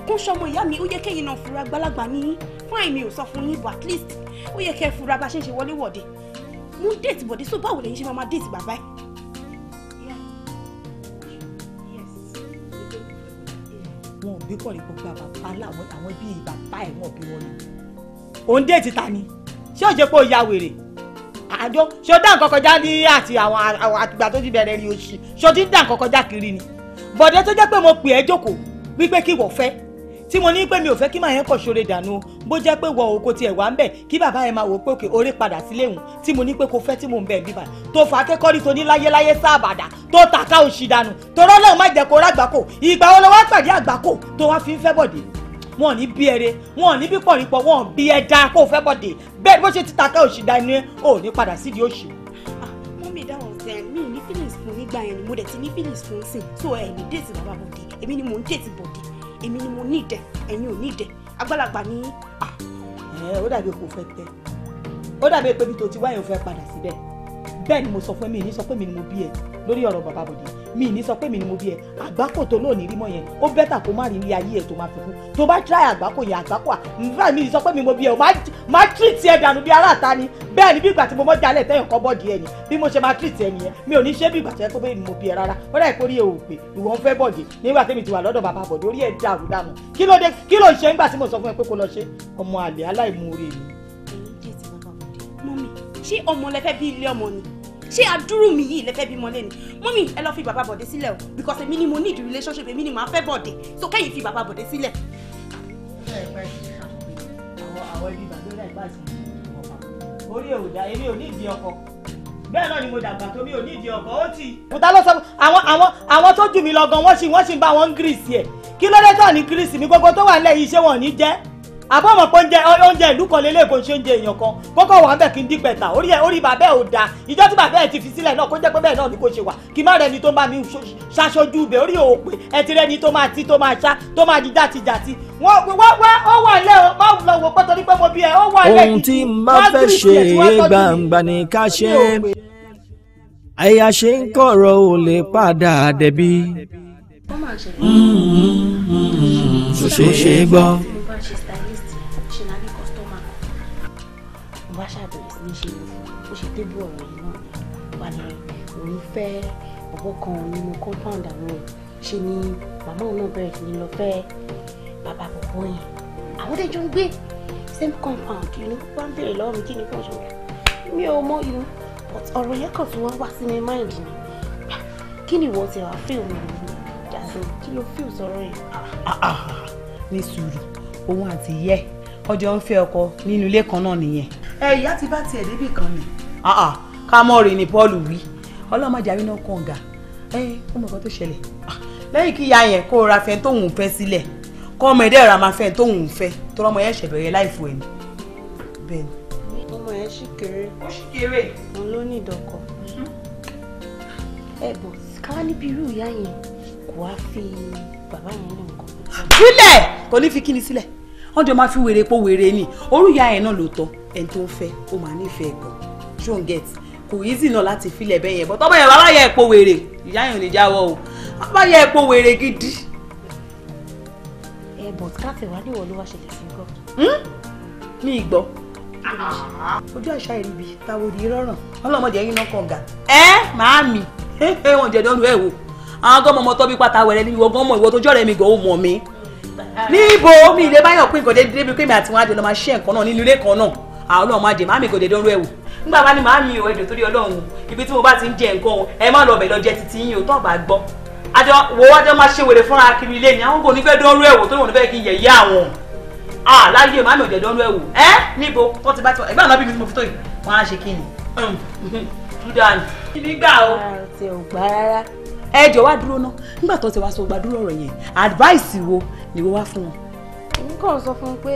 kó sọmọ ìyá mi ó yẹ kẹ́yìn náà fura gbalagbà ní fún àìmí ò sọ fún yín but at least ó yẹ kẹ́ fura bá ṣe ń ṣe wọlé wọ̀dé mo ń déètì bọ̀dé so báwo lẹ́yìn ṣe máa déètì bàbá ẹ̀ wọn ò bí kọ̀ ní gbogbo àbàbà láwọn àwọn ẹbí bàbá ẹ̀ wọn ò bí wọn lò òun déètì ta ni ṣé ò jẹ́ pé ó ya wèrè àjọ ṣé ó dá nǹkan kọjá ní àti àwọn àtìgbà tó ti bẹ̀rẹ̀ rí oṣù ṣé ó ti dá nǹkan kọjá kiri ni bọ̀dẹ́ tó jẹ́ pé mo pè ẹ́ jókòó wípé kí wọ́n fẹ́ tí mo ní pé mi ò fẹ́ kí màá yẹn kọ̀ ṣoore dànù bó jẹ́ pé wọ òkò tiẹ̀ wá ń bẹ̀ kí bàbá yẹn máa wò pé òkè orí padà sílé òun tí mo ní pé kò fẹ́ tí mò ń bẹ̀ ń bíbà tó fà á kẹ́kọ́rí tó ní láyéláyé sáàbàdà tó tàka òṣì dànù torọ́ Ọlọ́run má jẹ́ kó rà àgbákò ìgbà wo ló wá pàdé àgbákò tó wá fi ń fẹ́ bọ̀dé wọn ò ní bí ẹrẹ wọn ò ní bí pọ̀nrípọ̀ wọn bí ẹja kó fẹ́ bọ̀dé bẹ́ẹ̀ bó ṣe ti ah, mi ní feelings fún ni mo dẹ̀ ti ní feelings ni mò ń déètì èmi ni mo ní ìdẹ ẹ̀yin ò ní ìdẹ àgbàlagbà ni. Ah, ẹ ó dàbí okùn fẹ́ pẹ́ ó dàbí pé bí tó ti wáyé òun fẹ́ padà síbẹ̀ bẹ́ẹ̀ ni mo sọ fún mi ní sọ pé mi ni mo bí ẹ lórí ọ̀rọ̀ bàbá bòde mi ní sọ pé mi ni mo bí ẹ àgbákò tó lónìí rímọ yẹn ó bẹ́tà kó má rí ilé ayé ẹ tó máa fi kú tó bá try àgbákò yẹn àgbákò àgbà mi ní sọ pé mi mo bí ẹ o máa treat ẹ dànù bí aráàta ni bẹ́ẹ̀ ni bí ìgbà tí mo mọ́ jalè tẹ́yàn kọ́ bọ́ọ̀dì ẹ ni bí mo ṣe máa treat ẹ nìyẹn mi ò ní ṣe bí ìgbà tí ẹ tó bẹ́ẹ̀ ni mo bí ẹ rárá ó dà ìkórè ò pé ìwọ ń fẹ́ bọ̀dì nígbà tẹ́mi ti wà lọ́dọ̀ bàbá bọ̀dì orí ẹ̀ dàrú dànù kí ló dé kí ṣé ọmọ lẹ fẹ́ bí ilé ọmọ ni ṣé àdúrú mi yìí lẹ fẹ́ bímọ lẹ́nu mọ́mí ẹ lọ fi bàbá bọ̀dé sílẹ̀ o because èmi ni mo need relationship èmi ni màá fẹ́ bọ̀dé so kẹ́yìn fi bàbá bọ̀dé sílẹ̀. orí òòdà èmi ò ní ìdí ọkọ bẹ́ẹ̀ náà ni mo dàgbà tó mi ò ní ìdí ọkọ ó ti. kùtà ló sọ àwọn àwọn àwọn tó jù mí lọ gan wọ́n sì wọ́n sì ń bá wọn ń gírísì ẹ̀ kí ló dé tó ní gírísì mi gbogbo tó wà nílẹ̀ yìí ṣé wọ́n ní jẹ́ àbọ̀ mọ̀ pé oúnjẹ oúnjẹ ìlú kan lélẹ̀ kò ṣe oúnjẹ èèyàn kan kókó wà ń bẹ̀ kí n dípẹ̀ ta orí ẹ̀ orí bàbá ẹ̀ ò da ìjọ tí bàbá ẹ̀ ti fi sílẹ̀ náà kó jẹ́ pé bẹ́ẹ̀ náà ni kò ṣe wà kí má rẹni tó máa mi ṣaṣojú ibẹ̀ orí òòpè ẹ ti rẹni tó máa ti tó máa ṣá tó máa di jàtijàti. wọ́n wá wá ó wà lẹ́ o má lọ wò pé torí pé mo bí ẹ ó wà lẹ́ ohun ṣe mm-hmm, mm-hmm. ṣe gbọ́ mo bá ṣàbẹ̀rẹ̀ sí ní ṣe ó ṣe débú ọ̀rọ̀ yìí náà wà ní òun fẹ́ ọ̀pọ̀ kan nínú compound àwọn ẹ̀ ṣe ni màmá òun náà bẹ̀rẹ̀ sí ní lọ fẹ́ bàbá bọ̀bọ̀ yẹn àwọn tẹ́jọ́ ń gbé same compound inú wá ń bèrè lọ́rùn kí ni kò ṣe mi ò mọ inú ọ̀rọ̀ yẹn kàn tí wọ́n wá sí mi mind ni kí ni ìwọ ti wá fíìmù mi jàdó kí ló fíìmù sọ̀rọ̀ yẹn. Ah, ah, ah, ní sùúrù òun àti yẹ ọjọ́ ń fẹ́ ọkọ nínú ilé kan náà nìyẹn ẹ ìyá ti bá tiẹ̀ débì kan ni. Ah, ah, ká mọ̀ rìn ní Pọ́ọ̀lù wí ọlọ́run má jàrí náà kàn ga ẹ ó mọ̀ nǹkan tó ṣẹlẹ̀ ah, lẹ́yìn kí ìyá yẹn kó ra fẹ́ tóun fẹ́ sílẹ̀ kọ́ ọmọ ẹ̀dẹ́ ra máa fẹ́ tóun fẹ́ tọ́rọ ọmọ yẹn ṣẹ̀bẹ̀ yẹn láì fún ẹni. bẹ́ẹ̀ni. ọmọ yẹn ṣì kéré. ó ṣì kéré. òun ló ní ìdọ̀kọ̀. Mm-hmm. ẹ bọ̀ káwá níbi irú ìyá yẹn kò wá fi bàbá yẹn lè nǹkan. sílẹ̀ kò ní fi kíni sílẹ̀ wọ́n jọ máa fi wèrè po wèrè ni orú ìyá yẹn náà ló tọ́ ẹni tó ń fẹ́ ó máa nífẹ̀ẹ́ gan ṣóun get kò easy náà láti filẹ̀ bẹ́ẹ̀ yẹn bọ́ tọ́bọ̀ yẹn bàbá yẹ epo wèrè ìyá yẹn ò ní jáwọ́ o bàbá yẹ epo wèrè gidi. ẹ bọ̀ káfí wá níwọ̀ ló wá ṣẹlẹ̀ sí gbọ́. Hmm? mi gbọ́ ojú àṣà ìrìbì táwọn òdì rọrùn ọlọ́mọdé ẹyin náà kànga ẹ màá mi ẹ wọn jẹ dọ́nu ẹ wò àwọn gọ́mọ ọmọ tọ́bí pátá wẹ̀rẹ̀ ní ìwọ gọ́mọ ìwọ tó jọ́rẹ̀ mi gan-an mọ̀ mi níbo mi ìlé báyọ̀ nǹkan déédéé bíi pé mi àti wọn á jọ lọ máa ṣe nǹkan náà nínú ilé kan náà àwọn ọlọ́run má jẹ màmí kò dé dánrú ẹ̀ wò nígbà bá ní màmí ò ẹ̀jọ̀ torí ọlọ́run ibi tí mo bá ti ń jẹ nǹkan ẹ má lọ bẹ̀ lọ jẹ títí yín o tó bá gbọ́ àjọ wo wájọ máa ṣe wèrè fúnra kiri ilé ni àwọn kò ní fẹ́ dánrú ẹ̀ wò torí wọn fẹ́ kí n yẹ̀ yé àwọn ah láyé màmí ò dé dánrú ẹ̀ wò ẹ níbo wọ́n ti bá ti ẹgbẹ́ àná bí mi ti mo fi tó yìí wọ́n á ṣe kí ni sudan nígbà o. ti ò gbà rárá ẹ jọ wá dúró ná nígbà tó ti wá sọ gbàdúrà ọ̀rọ̀ yẹn advice wo ni wọ́n wá fún wọn. n kò sọ fún un pé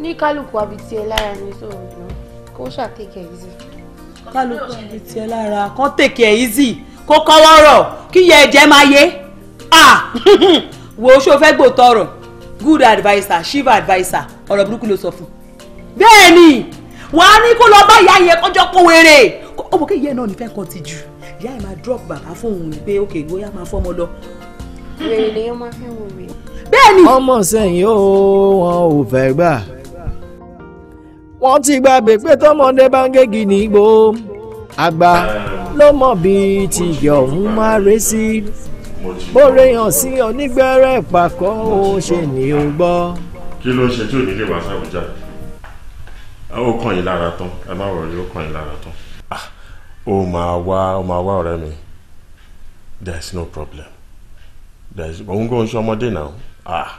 ní kálukú àbí tiẹ̀ lára ni so ìná ṣàtẹ̀kẹ̀ easy. kálukú àbí tiẹ̀ lára kó tẹ̀kẹ̀ easy kó kọ́wọ́ rọ̀ kí yẹ ẹ̀jẹ̀ máa yé ah! [LAUGHS] wo ṣó fẹ́ gbòòtọ̀ ọ̀rọ̀ good adviser shiva adviser ọ̀rọ̀ burúkú ló sọ fún bẹ́ẹ̀ ni wàá ní kó lọ bá ìyá yẹn kọjọ kó wéré ó mọ̀ kí ìyá náà nífẹ̀ẹ́ kan ti jù ìyá yẹn máa drop bàbá fún òun ni pé òkè gbóyà máa fọmọ lọ. wèrè lèyàn máa fẹ́ wò rè. bẹ́ẹ̀ ni. ọmọ sẹ́yìn ó wọn ò fẹ́ gbà wọ́n ti gbàgbé pé tọ́mọdé bá ń gégi ní igbó àgbà ló mọ̀ bí tìyẹ̀ ọ̀hún máa ré sí bóre hàn sí onígbẹ́rẹ́ pàkọ́ ó ṣe ní o gbọ́. kí ló ṣe tí ò ní lè wá sábùjá ó kàn yín lára tán ẹ má wọlé ó kàn yín lára tán ah, ó máa wá ó máa wá ọ̀rẹ́ mi there is no problem there is òun kò ń ṣe ọmọdé náà ah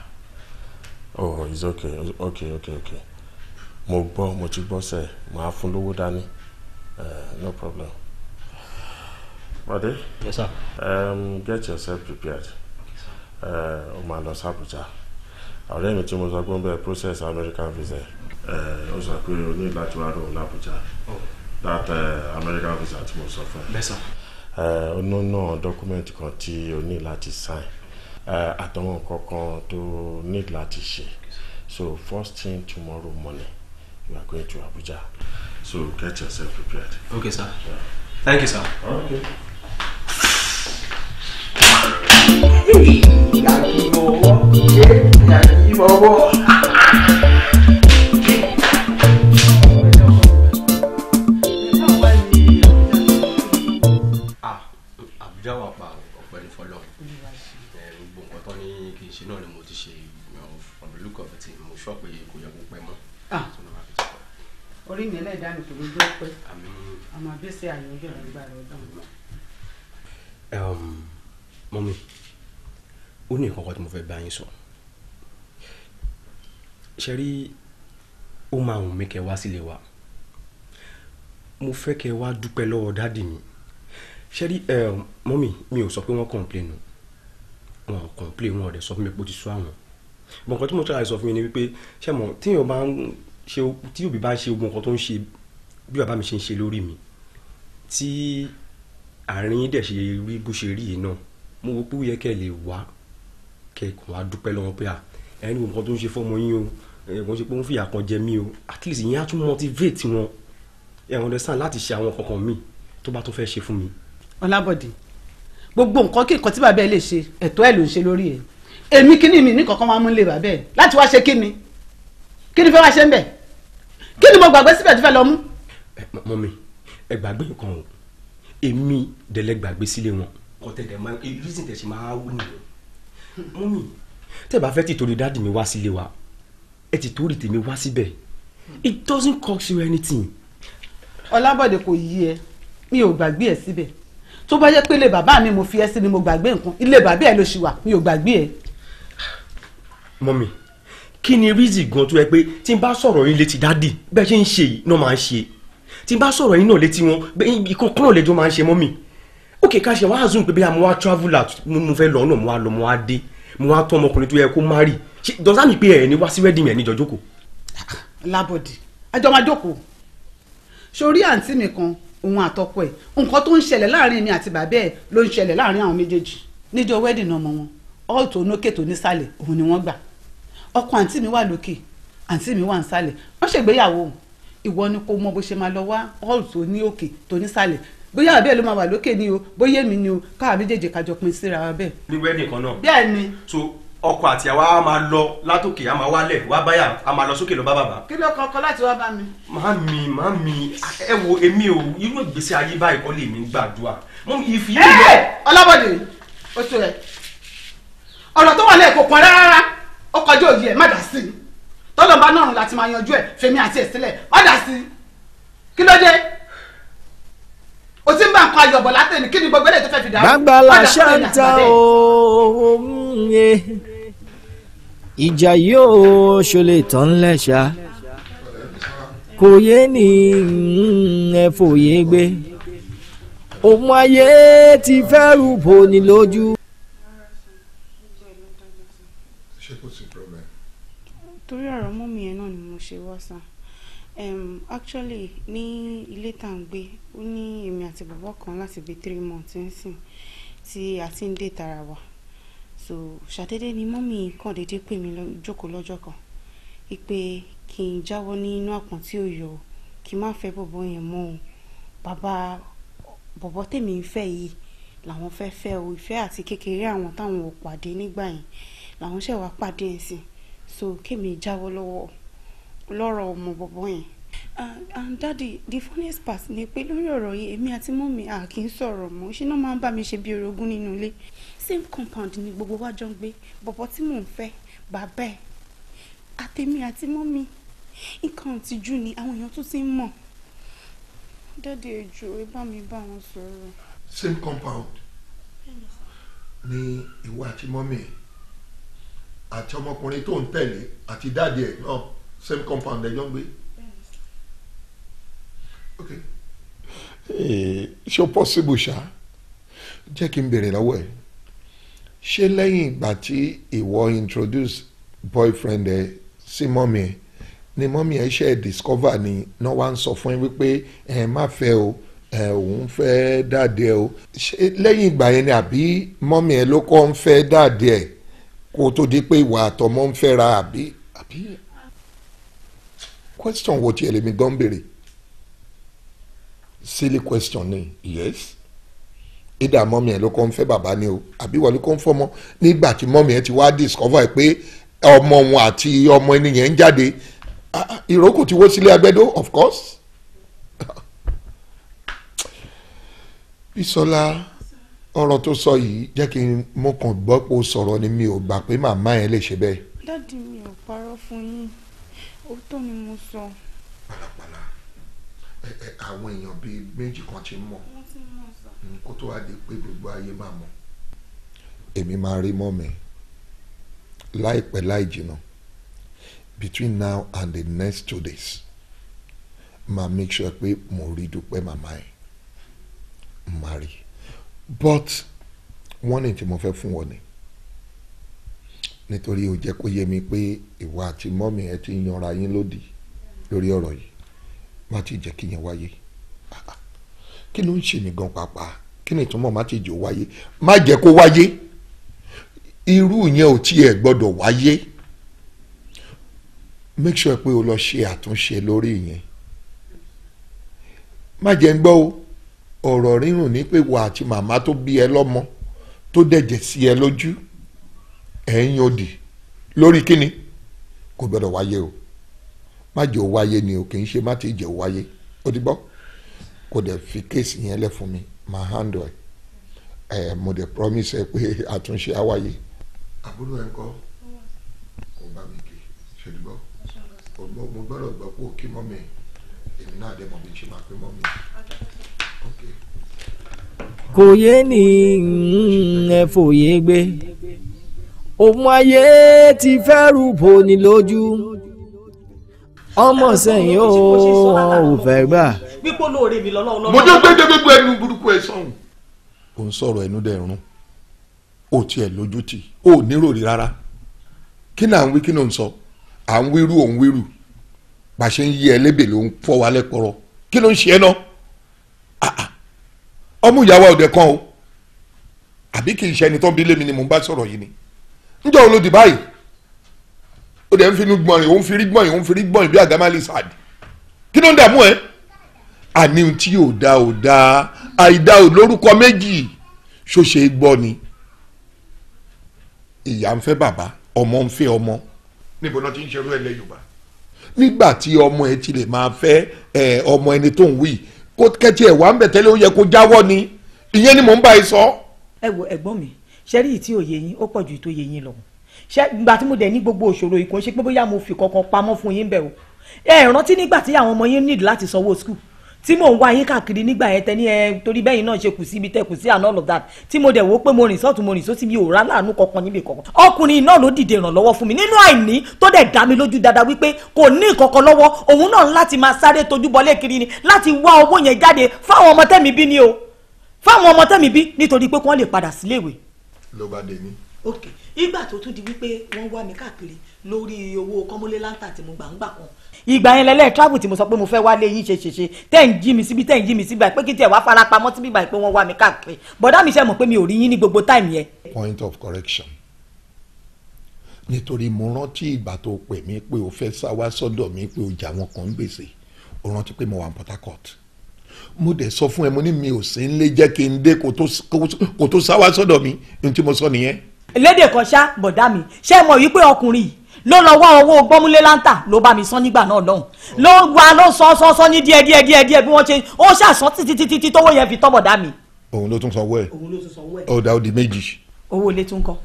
oh it's okay okay okay okay mo gbọ́ mo ti gbọ́ sẹ̀ màá fún lówó dání eh, no problem. Bade? Yes sir. Um, get yourself prepared. Eh, o máa lọ sábùjá. Ọ̀rẹ́ mi tí mo sọ pé ń bẹ process American visa. Eh, ó sọ pé o ní láti wá ròhùn lábùjá. Oh. That uh, American visa tí mo sọ fún ẹ. Bẹ́ẹ̀ sà. Onú náà kan tí o ní láti sign àtàwọn nǹkan kan tó need láti ṣe so first thing tomorrow morning you are going to Abuja. So get yourself prepared. Okay, sir. Yeah. Thank you, sir. Okay. orí mi ẹlẹ́dàá mi kò ní jẹ́ pé ọmọ abẹ́sí àyè ọjọ́ rẹ̀ gbà rẹ̀ dán. mọ́mí ó ní ìkọ̀kọ̀ tí mo fẹ́ bá yín sọ ṣe rí ó máa wùn mí kẹ́ wá sílé wa mo fẹ́ kẹ́ wá dúpẹ́ lọ́wọ́ dáàdì mi ṣe rí mọ́mí mi ò sọ pé wọ́n kọ̀ǹpléènù wọn ò kọ̀ǹpléènù wọn ò dẹ̀ sọ fún mi pé ó ti sọ àwọn bọ̀ǹkan tí mo tẹ́lá sọ fún mi ni wípé ṣé mo tíyàn bá ń ṣe tí òbí bá ṣe ogun nǹkan tó ń ṣe bí bàbá mi ṣe ń ṣe lórí mi tí àárín dẹ̀ ṣe rí bó ṣe rí yìí náà mo wò pé ó yẹ kẹ́ ẹ lè wá kẹ́ ẹ kàn wá dúpẹ́ lọ́wọ́ pé à ẹni nǹkan tó ń ṣe fọ́mọ yín o ẹ̀gbọ́n ṣe pé wọ́n fìyà kan jẹ mí o at least ìyẹn á tún motivate wọn ẹ̀ understand láti ṣe àwọn kankan míì tó bá tún fẹ́ ṣe fún mi. ọlábọ̀dé gbogbo nǹkan kí nǹkan tí bàbá ẹ lè ṣe ẹ̀tọ́ ẹ̀ ló ń ṣe lórí ẹ̀ èmi kíní mi ní kankan máa mú lè bàbá ẹ̀ láti wá ṣe kíni kíni fẹ́ wá ṣe ń bẹ̀ kí ni mo gbàgbé síbẹ̀ tí fẹ́ lọ mú. ẹ mọ́mì ẹ gbàgbé nǹkan o èmi dẹ̀lẹ́ gbàgbé sílé wọn kọ́tẹ̀dẹ̀ máa ń rísìn tẹ̀ ṣe máa wù nìyẹn mọ́mì tẹ́ bá fẹ́ ti torí dáàdì mi wá sílé wa ẹ ti torí tèmi wá síbẹ̀ it doesn't cost you anything. ọlábọ̀dé kò yí ẹ mi ò gbàgbé ẹ síbẹ̀ tó bá jẹ́ pé ilé bàbá mi mo fi ẹ sí ni mo gbàgbé nǹkan ilé bàbá ẹ ló ṣì wà mi ò gbàgbé ẹ. mọ́mì kí ni rízì gan tó yẹ pé tí n bá sọ̀rọ̀ yín létí dádì bẹ́ẹ̀ ṣe ń ṣe yìí náà máa ń ṣe tí n bá sọ̀rọ̀ yín náà létí wọn ikọ̀ kúrò lẹ́jọ́ máa ń ṣe mọ́mì òkè ká ṣe wá àzùn pé bíyà mo wá travel out mo fẹ́ lọ náà mo wá lọ mo wá dé mo wá tọ́ ọmọkùnrin tó yẹ kó má rì ṣe dọ́sá mi pé ẹ̀ ní wá sí wedding ẹ̀ níjọ jókòó. lábọ̀dì ẹjọ́ máa jókòó sórí àǹtí mi kan òun àtọkọ ẹ̀ nǹkan tó ń ṣẹlẹ̀ láàrin mi àti bàbá ẹ̀ ló ń ṣẹlẹ̀ láàrin àwọn méjèèjì níjọ wedding ọmọ wọn ọ̀ọ́tò onókè tó nísàlẹ̀ òun ni wọ́n gbà ọkọ àǹtí mi wà lókè àǹtí mi wà ń sàlẹ̀ wọ́n ṣègbéyàwó ìwọ ni kò mọ bó ṣe máa lọ wá hall tó ní òkè tó ní sàlẹ̀ bóyá àbẹ́ ló máa wà lókè ni o bóyá èmi ni o káà méjèèjì kájọ pin síra wa bẹ́ẹ̀. ní wẹ́ẹ̀dì kan náà. bẹ́ẹ̀ ni. so ọkọ àti àwa á máa lọ látòkè á máa wálẹ̀ wá báyà á máa lọ sókè lọ bá bàbá. kí ló kọ́kọ́ láti wá bá mi. màámi màámi ẹ wo èmi o irú ìgbésí ayé báyìí kọ́ lè mi gbàdúrà. mo ìfì yìí lọ. ọlọ́bọ̀dé oṣù rẹ̀ ọ̀rọ̀ tó wà lẹ́ẹ̀kọ́ kan rárá ọkọ̀ ọjọ́ òye ẹ̀ má dà sí i tọ́lọ̀ bá nọ̀rùn láti máa yanjú ẹ̀ fèmí àti ẹ̀ má dà sí i kí ló dé o ti ń bá nǹkan ayọ̀bọ̀ látẹ̀ni kí ni gbogbo ẹ̀dẹ̀ tó fẹ́ fi dà má dà sí ẹ̀yìn àtàdé. ìjà yóò ṣọlẹ tán lẹ́ṣà kò yé ni mm, ẹ fòye gbé ohun ayé ti fẹ́ rúbọ ní lójú. torí ọ̀rọ̀ mọ́mì yẹn náà ni mo ṣe wá sàn um, actually ní ilé tá à ń gbé ó ní èmi àti bàbá kan láti bíi three months nsìn tí a ti ń dé tara wa so ṣàdédé ni mọ́mì kàn déédéé pè mí jókòó lọ́jọ́ kan ìpè kí n jáwọ́ nínú àpọ̀n tí ò yọ kí n má fẹ́ bọ̀bọ̀ yẹn mọ́ o bàbá bọ̀bọ̀ tèmi ń fẹ́ yìí làwọn fẹ́ fẹ́ o ìfẹ́ àti kékeré àwọn táwọn ò pàdé nígbà yẹn làwọn ṣẹ̀ wá pàdé ẹ̀ sìn so kémi jáwọ́ lọ́wọ́ lọ́rọ̀ ọmọ bọ̀bọ̀ yẹn and, and daddy the funniest part ni pé lórí ọ̀rọ̀ yìí èmi àti mọ́mi à kì í sọ̀rọ̀ mọ́ ṣé náà máa ń bá mi ṣe bí orogún nínú ilé same compound ni gbogbo wa jọ ń gbé bọ̀bọ̀ tí mò ń fẹ́ bàbá àtẹ̀mí àti mọ́mi nǹkan ìtìjú ni àwọn èèyàn tún ti ń mọ̀ daddy ẹjọ́ ẹ bá mi bá wọn sọ̀rọ̀. same compound ni ìwọ àti mọ́mi ẹ̀ àti ọmọkùnrin tó ń tẹ̀lé àti dáàdi ẹ̀ náà same compound ẹ̀ jọ ń gbé. ṣé ó possible ṣá jẹ́ kí n béèrè lọ́wọ́ ẹ̀ ṣé lẹ́yìn ìgbà tí ìwọ introduce boyfriend ẹ sí mọ́mí ẹ ni mọ́mí ẹ ṣe discover ni náà wá ń sọ fún ẹ wípé ẹ má fẹ́ o ẹ òun fẹ́ dáàdi ẹ o ṣé lẹ́yìn ìgbà yẹn ni àbí mọ́mí ẹ ló kọ́ ń fẹ́ dáàdi ẹ kó o tó di pé ìwà àtọmọ ń fẹ́ra àbí àbí question wo tiẹ̀ lèmi gan béèrè silly question ni yes ìdá mọ́mí ẹ̀ ló kọ́ ń fẹ́ bàbá ni o àbí wọ́n ló kọ́ ń fọ́mọ nígbà tí mọ́mí ẹ̀ ti wá discover ẹ̀ pé ọmọ wọn àti ọmọ ènìyàn ń jáde ah, ah, ìrókò ti wó sílé agbẹ́dọ́ of course [LAUGHS] Bisola ọ̀rọ̀ tó sọ yìí jẹ́ kí n mo kàn gbọ́ pé o sọ̀rọ̀ ni mi ò gbà pé màmá yẹn lè ṣe bẹ́ẹ̀. dáàdi mi ò parọ́ fún yín òótọ́ ni mo sọ. pàlàpàlà àwọn èèyàn bíi méjì kan ti mọ̀ kó tó wá di pé gbogbo ayé máa mọ̀. èmi máa rí mọ́ láìpẹ́ láì jìnnà between now and the next two days máa make sure pé mo rí dúpẹ́ màmá yẹn máa rí i but wọ́n ní tí mo fẹ́ fún wọn ni nítorí ó jẹ́ kó yé mi pé ìwà àti mọ́mì ẹ ti yanra yín lódì lórí ọ̀rọ̀ yìí má ti jẹ́ kí yẹn wáyé kí ló ń ṣe mí gan pàápàá kí ni ìtumọ̀ má ti jò wáyé má jẹ́ kó wáyé irú yẹn ò tiẹ̀ gbọ́dọ̀ wáyé make sure pé o lọ ṣe àtúnṣe lórí yẹn má jẹ́ ń gbọ́ o ọ̀rọ̀ rírùn ní pé wà àti màmá tó bí ẹ lọ́mọ tó dẹ̀jẹ̀ sí ẹ lójú ẹ̀yìn òdì lórí kíni kò gbọ́dọ̀ wáyé o má jẹ́ ò wáyé ni o kì í ṣe má ti jẹ́ ò wáyé ó ti gbọ́ kò dẹ̀ fi kéèsì yẹn lẹ̀ fún mi máa handle ẹ̀ ẹ̀ mo dẹ̀ promise ẹ pé [LAUGHS] àtúnṣe á wáyé. àbúrò ẹ̀ ń kọ́ kò bá mi kì í ṣe gbọ́ mo gbọ́dọ̀ gbọ́ pé òkè mọ́ mi èmi náà dẹ̀ mọ̀ bí ṣe máa pé mọ́ mi kò yé ni ẹ fòye gbé òun ayé ti fẹ́ rúbò ní lójú ọmọ sẹ́yìn ó wọn ò fẹ́ gbà. mo jẹ́ gbẹ́gbẹ́ ẹnu burúkú ẹ sọ̀hún. ò ń sọ̀rọ̀ ẹnu dẹ̀rùn ó tiẹ̀ lójú tì ó níròrí rárá kí ni ń wí kí ni ń sọ à ń wíru ò wíru pàṣẹ ń yí ẹ lébè ló ń fọ́ wa lẹ́pọ̀rọ̀ kí ló ń ṣe ẹ náà ọmú ìyàwó ọ̀dẹ̀ kan o àbí kì í ṣe ẹni tó ń bí lémi ni mò ń bá sọ̀rọ̀ yìí ni níjọ́ wo ló di báyìí ó dẹ̀ ń fi inú gbọ̀n rìn òun fi rí gbọ̀n rìn òun fi rí bí àgámálì sàdì kí ló ń dààmú ẹ àní tí yóò da o da àìda o lórúkọ méjì ṣòṣe gbọ́ ni ìyá ń fẹ́ bàbá ọmọ ń fẹ́ ọmọ níbo náà ti ń ṣerú ẹ lẹ́yìn Yorùbá nígbà tí ọmọ ẹ ti lè máa fẹ́ ọmọ ẹni tó ń wí kó kẹ́tì ẹ̀ wá ń bẹ̀ tẹ́lẹ̀ ó yẹ kó jáwọ́ ni ìyẹn ni mò ń bá yìí sọ. ẹ wo ẹ̀gbọ́n mi ṣẹ́rí ìtí òye yín ó pọ̀ ju ìtò òye yín lọ ṣe ìgbà tí mo dẹ̀ ní gbogbo òṣòro ìkànṣe pé bóyá mo fi kankan pamọ́ fún yín bẹ̀ o ẹ rántí nígbà tí àwọn ọmọ yín nídìí láti sanwó school tí mò ń wá yín káàkiri nígbà yẹn tẹ́ni ẹ torí bẹ́yìn náà ṣe kù sí ibi tẹ́ kù sí and all of that tí mo dẹ̀ wò ó pé mo rìn sọ́ọ̀tún mo rìn sósì mi ò rá láàánú kankan níbi kankan ọkùnrin náà ló dìde ìrànlọ́wọ́ fún mi nínú àìní tó dẹ̀ dá mi lójú dáadáa wípé kò ní ìkọ̀kọ̀ lọ́wọ́ òun náà láti máa sáré tojú kiri ni láti wá owó yẹn jáde fáwọn ọmọ tẹ́mi bí ni o fáwọn ọmọ tẹ́mi bí nítorí pé kí wọ́n lè padà síléèwé. ló bá dé ní. ok ìgbà tó tún di wípé wọ́n wá mi káàkiri lórí owó kọ́mọ́lé láǹtà tí mo gbà ń gbà kan ìgbà yẹn lẹ́lẹ́ travel tí mo sọ pé mo fẹ́ wá lé yín ṣe ṣe ṣe tẹ́ ń jí mi síbi tẹ́ ń jí mi síbi pé kí tiẹ̀ wá fara pamọ́ síbi báyìí pé wọ́n wá mi káàkiri bọ̀dá mi ṣe mọ̀ pé mi ò rí yín ní gbogbo táìmù yẹn. point of correction nítorí mo rántí ìgbà tó pè mí pé o fẹ́ sá wá sọ́dọ̀ mi pé o jà wọn kan gbèsè o rántí pé mo wà ní Port Harcourt mo dẹ̀ sọ fún ẹ mo ní mi ò sí nílé jẹ́ kí n dé kó tó sá wá sọ́dọ̀ mi ní tí mo sọ nìyẹn. lédè kan ṣá bọ̀dá mi ṣé mo rí pé ọkùnrin yìí ló lọ wá owó gbọ́múlé láńtà ló bá mi san nígbà náà lọ́hùn ló wá ló san san san ní díẹ̀ díẹ̀ díẹ̀ díẹ̀ bí wọ́n ṣe ó ṣàṣọ títí títí títí tówó yẹn fi tọ́bọ̀dá mi. òun ló tún sanwó ẹ òun ló tún sanwó ẹ ọ̀dà méjì. owó ilé tún kọ́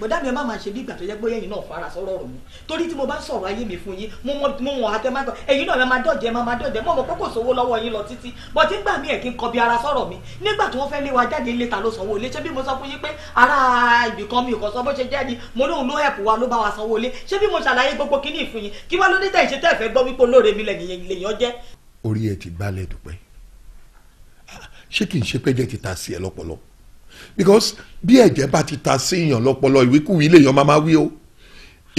bọ̀dá mi ẹ má máa ṣe bí ìgbà tó yẹ gbóyè yín náà fara sọ̀rọ̀ ọ̀rọ̀ mi torí tí mo bá sọ̀rọ̀ ayé mi fún yín mo mọ̀ àtẹ má gbọ́ ẹ̀yin náà ẹ máa dọ̀jẹ̀ ẹ máa dọ̀jẹ̀ mo mọ̀ pé kò sówó lọ́wọ́ yín lọ títí bọ̀tí gbà mí ẹ̀ kí n kọbi ara sọ̀rọ̀ mi nígbà tí wọ́n fẹ́ lé wa jáde ilé ta ló sanwó ilé ṣé bí mo sọ fún yín pé ara ibìkan mi ò kàn sọ bó ṣe jẹ́ ni mo lóun ló hẹ̀pù wa ló bá wa sanwó ilé ṣé bí mo ṣàlàyé gbogbo kíní ìfún yín kí wá because bí ẹ̀jẹ̀ bá ti ta sí èèyàn lọ́pọlọ ìwíkúwìí lèèyàn máa máa wí o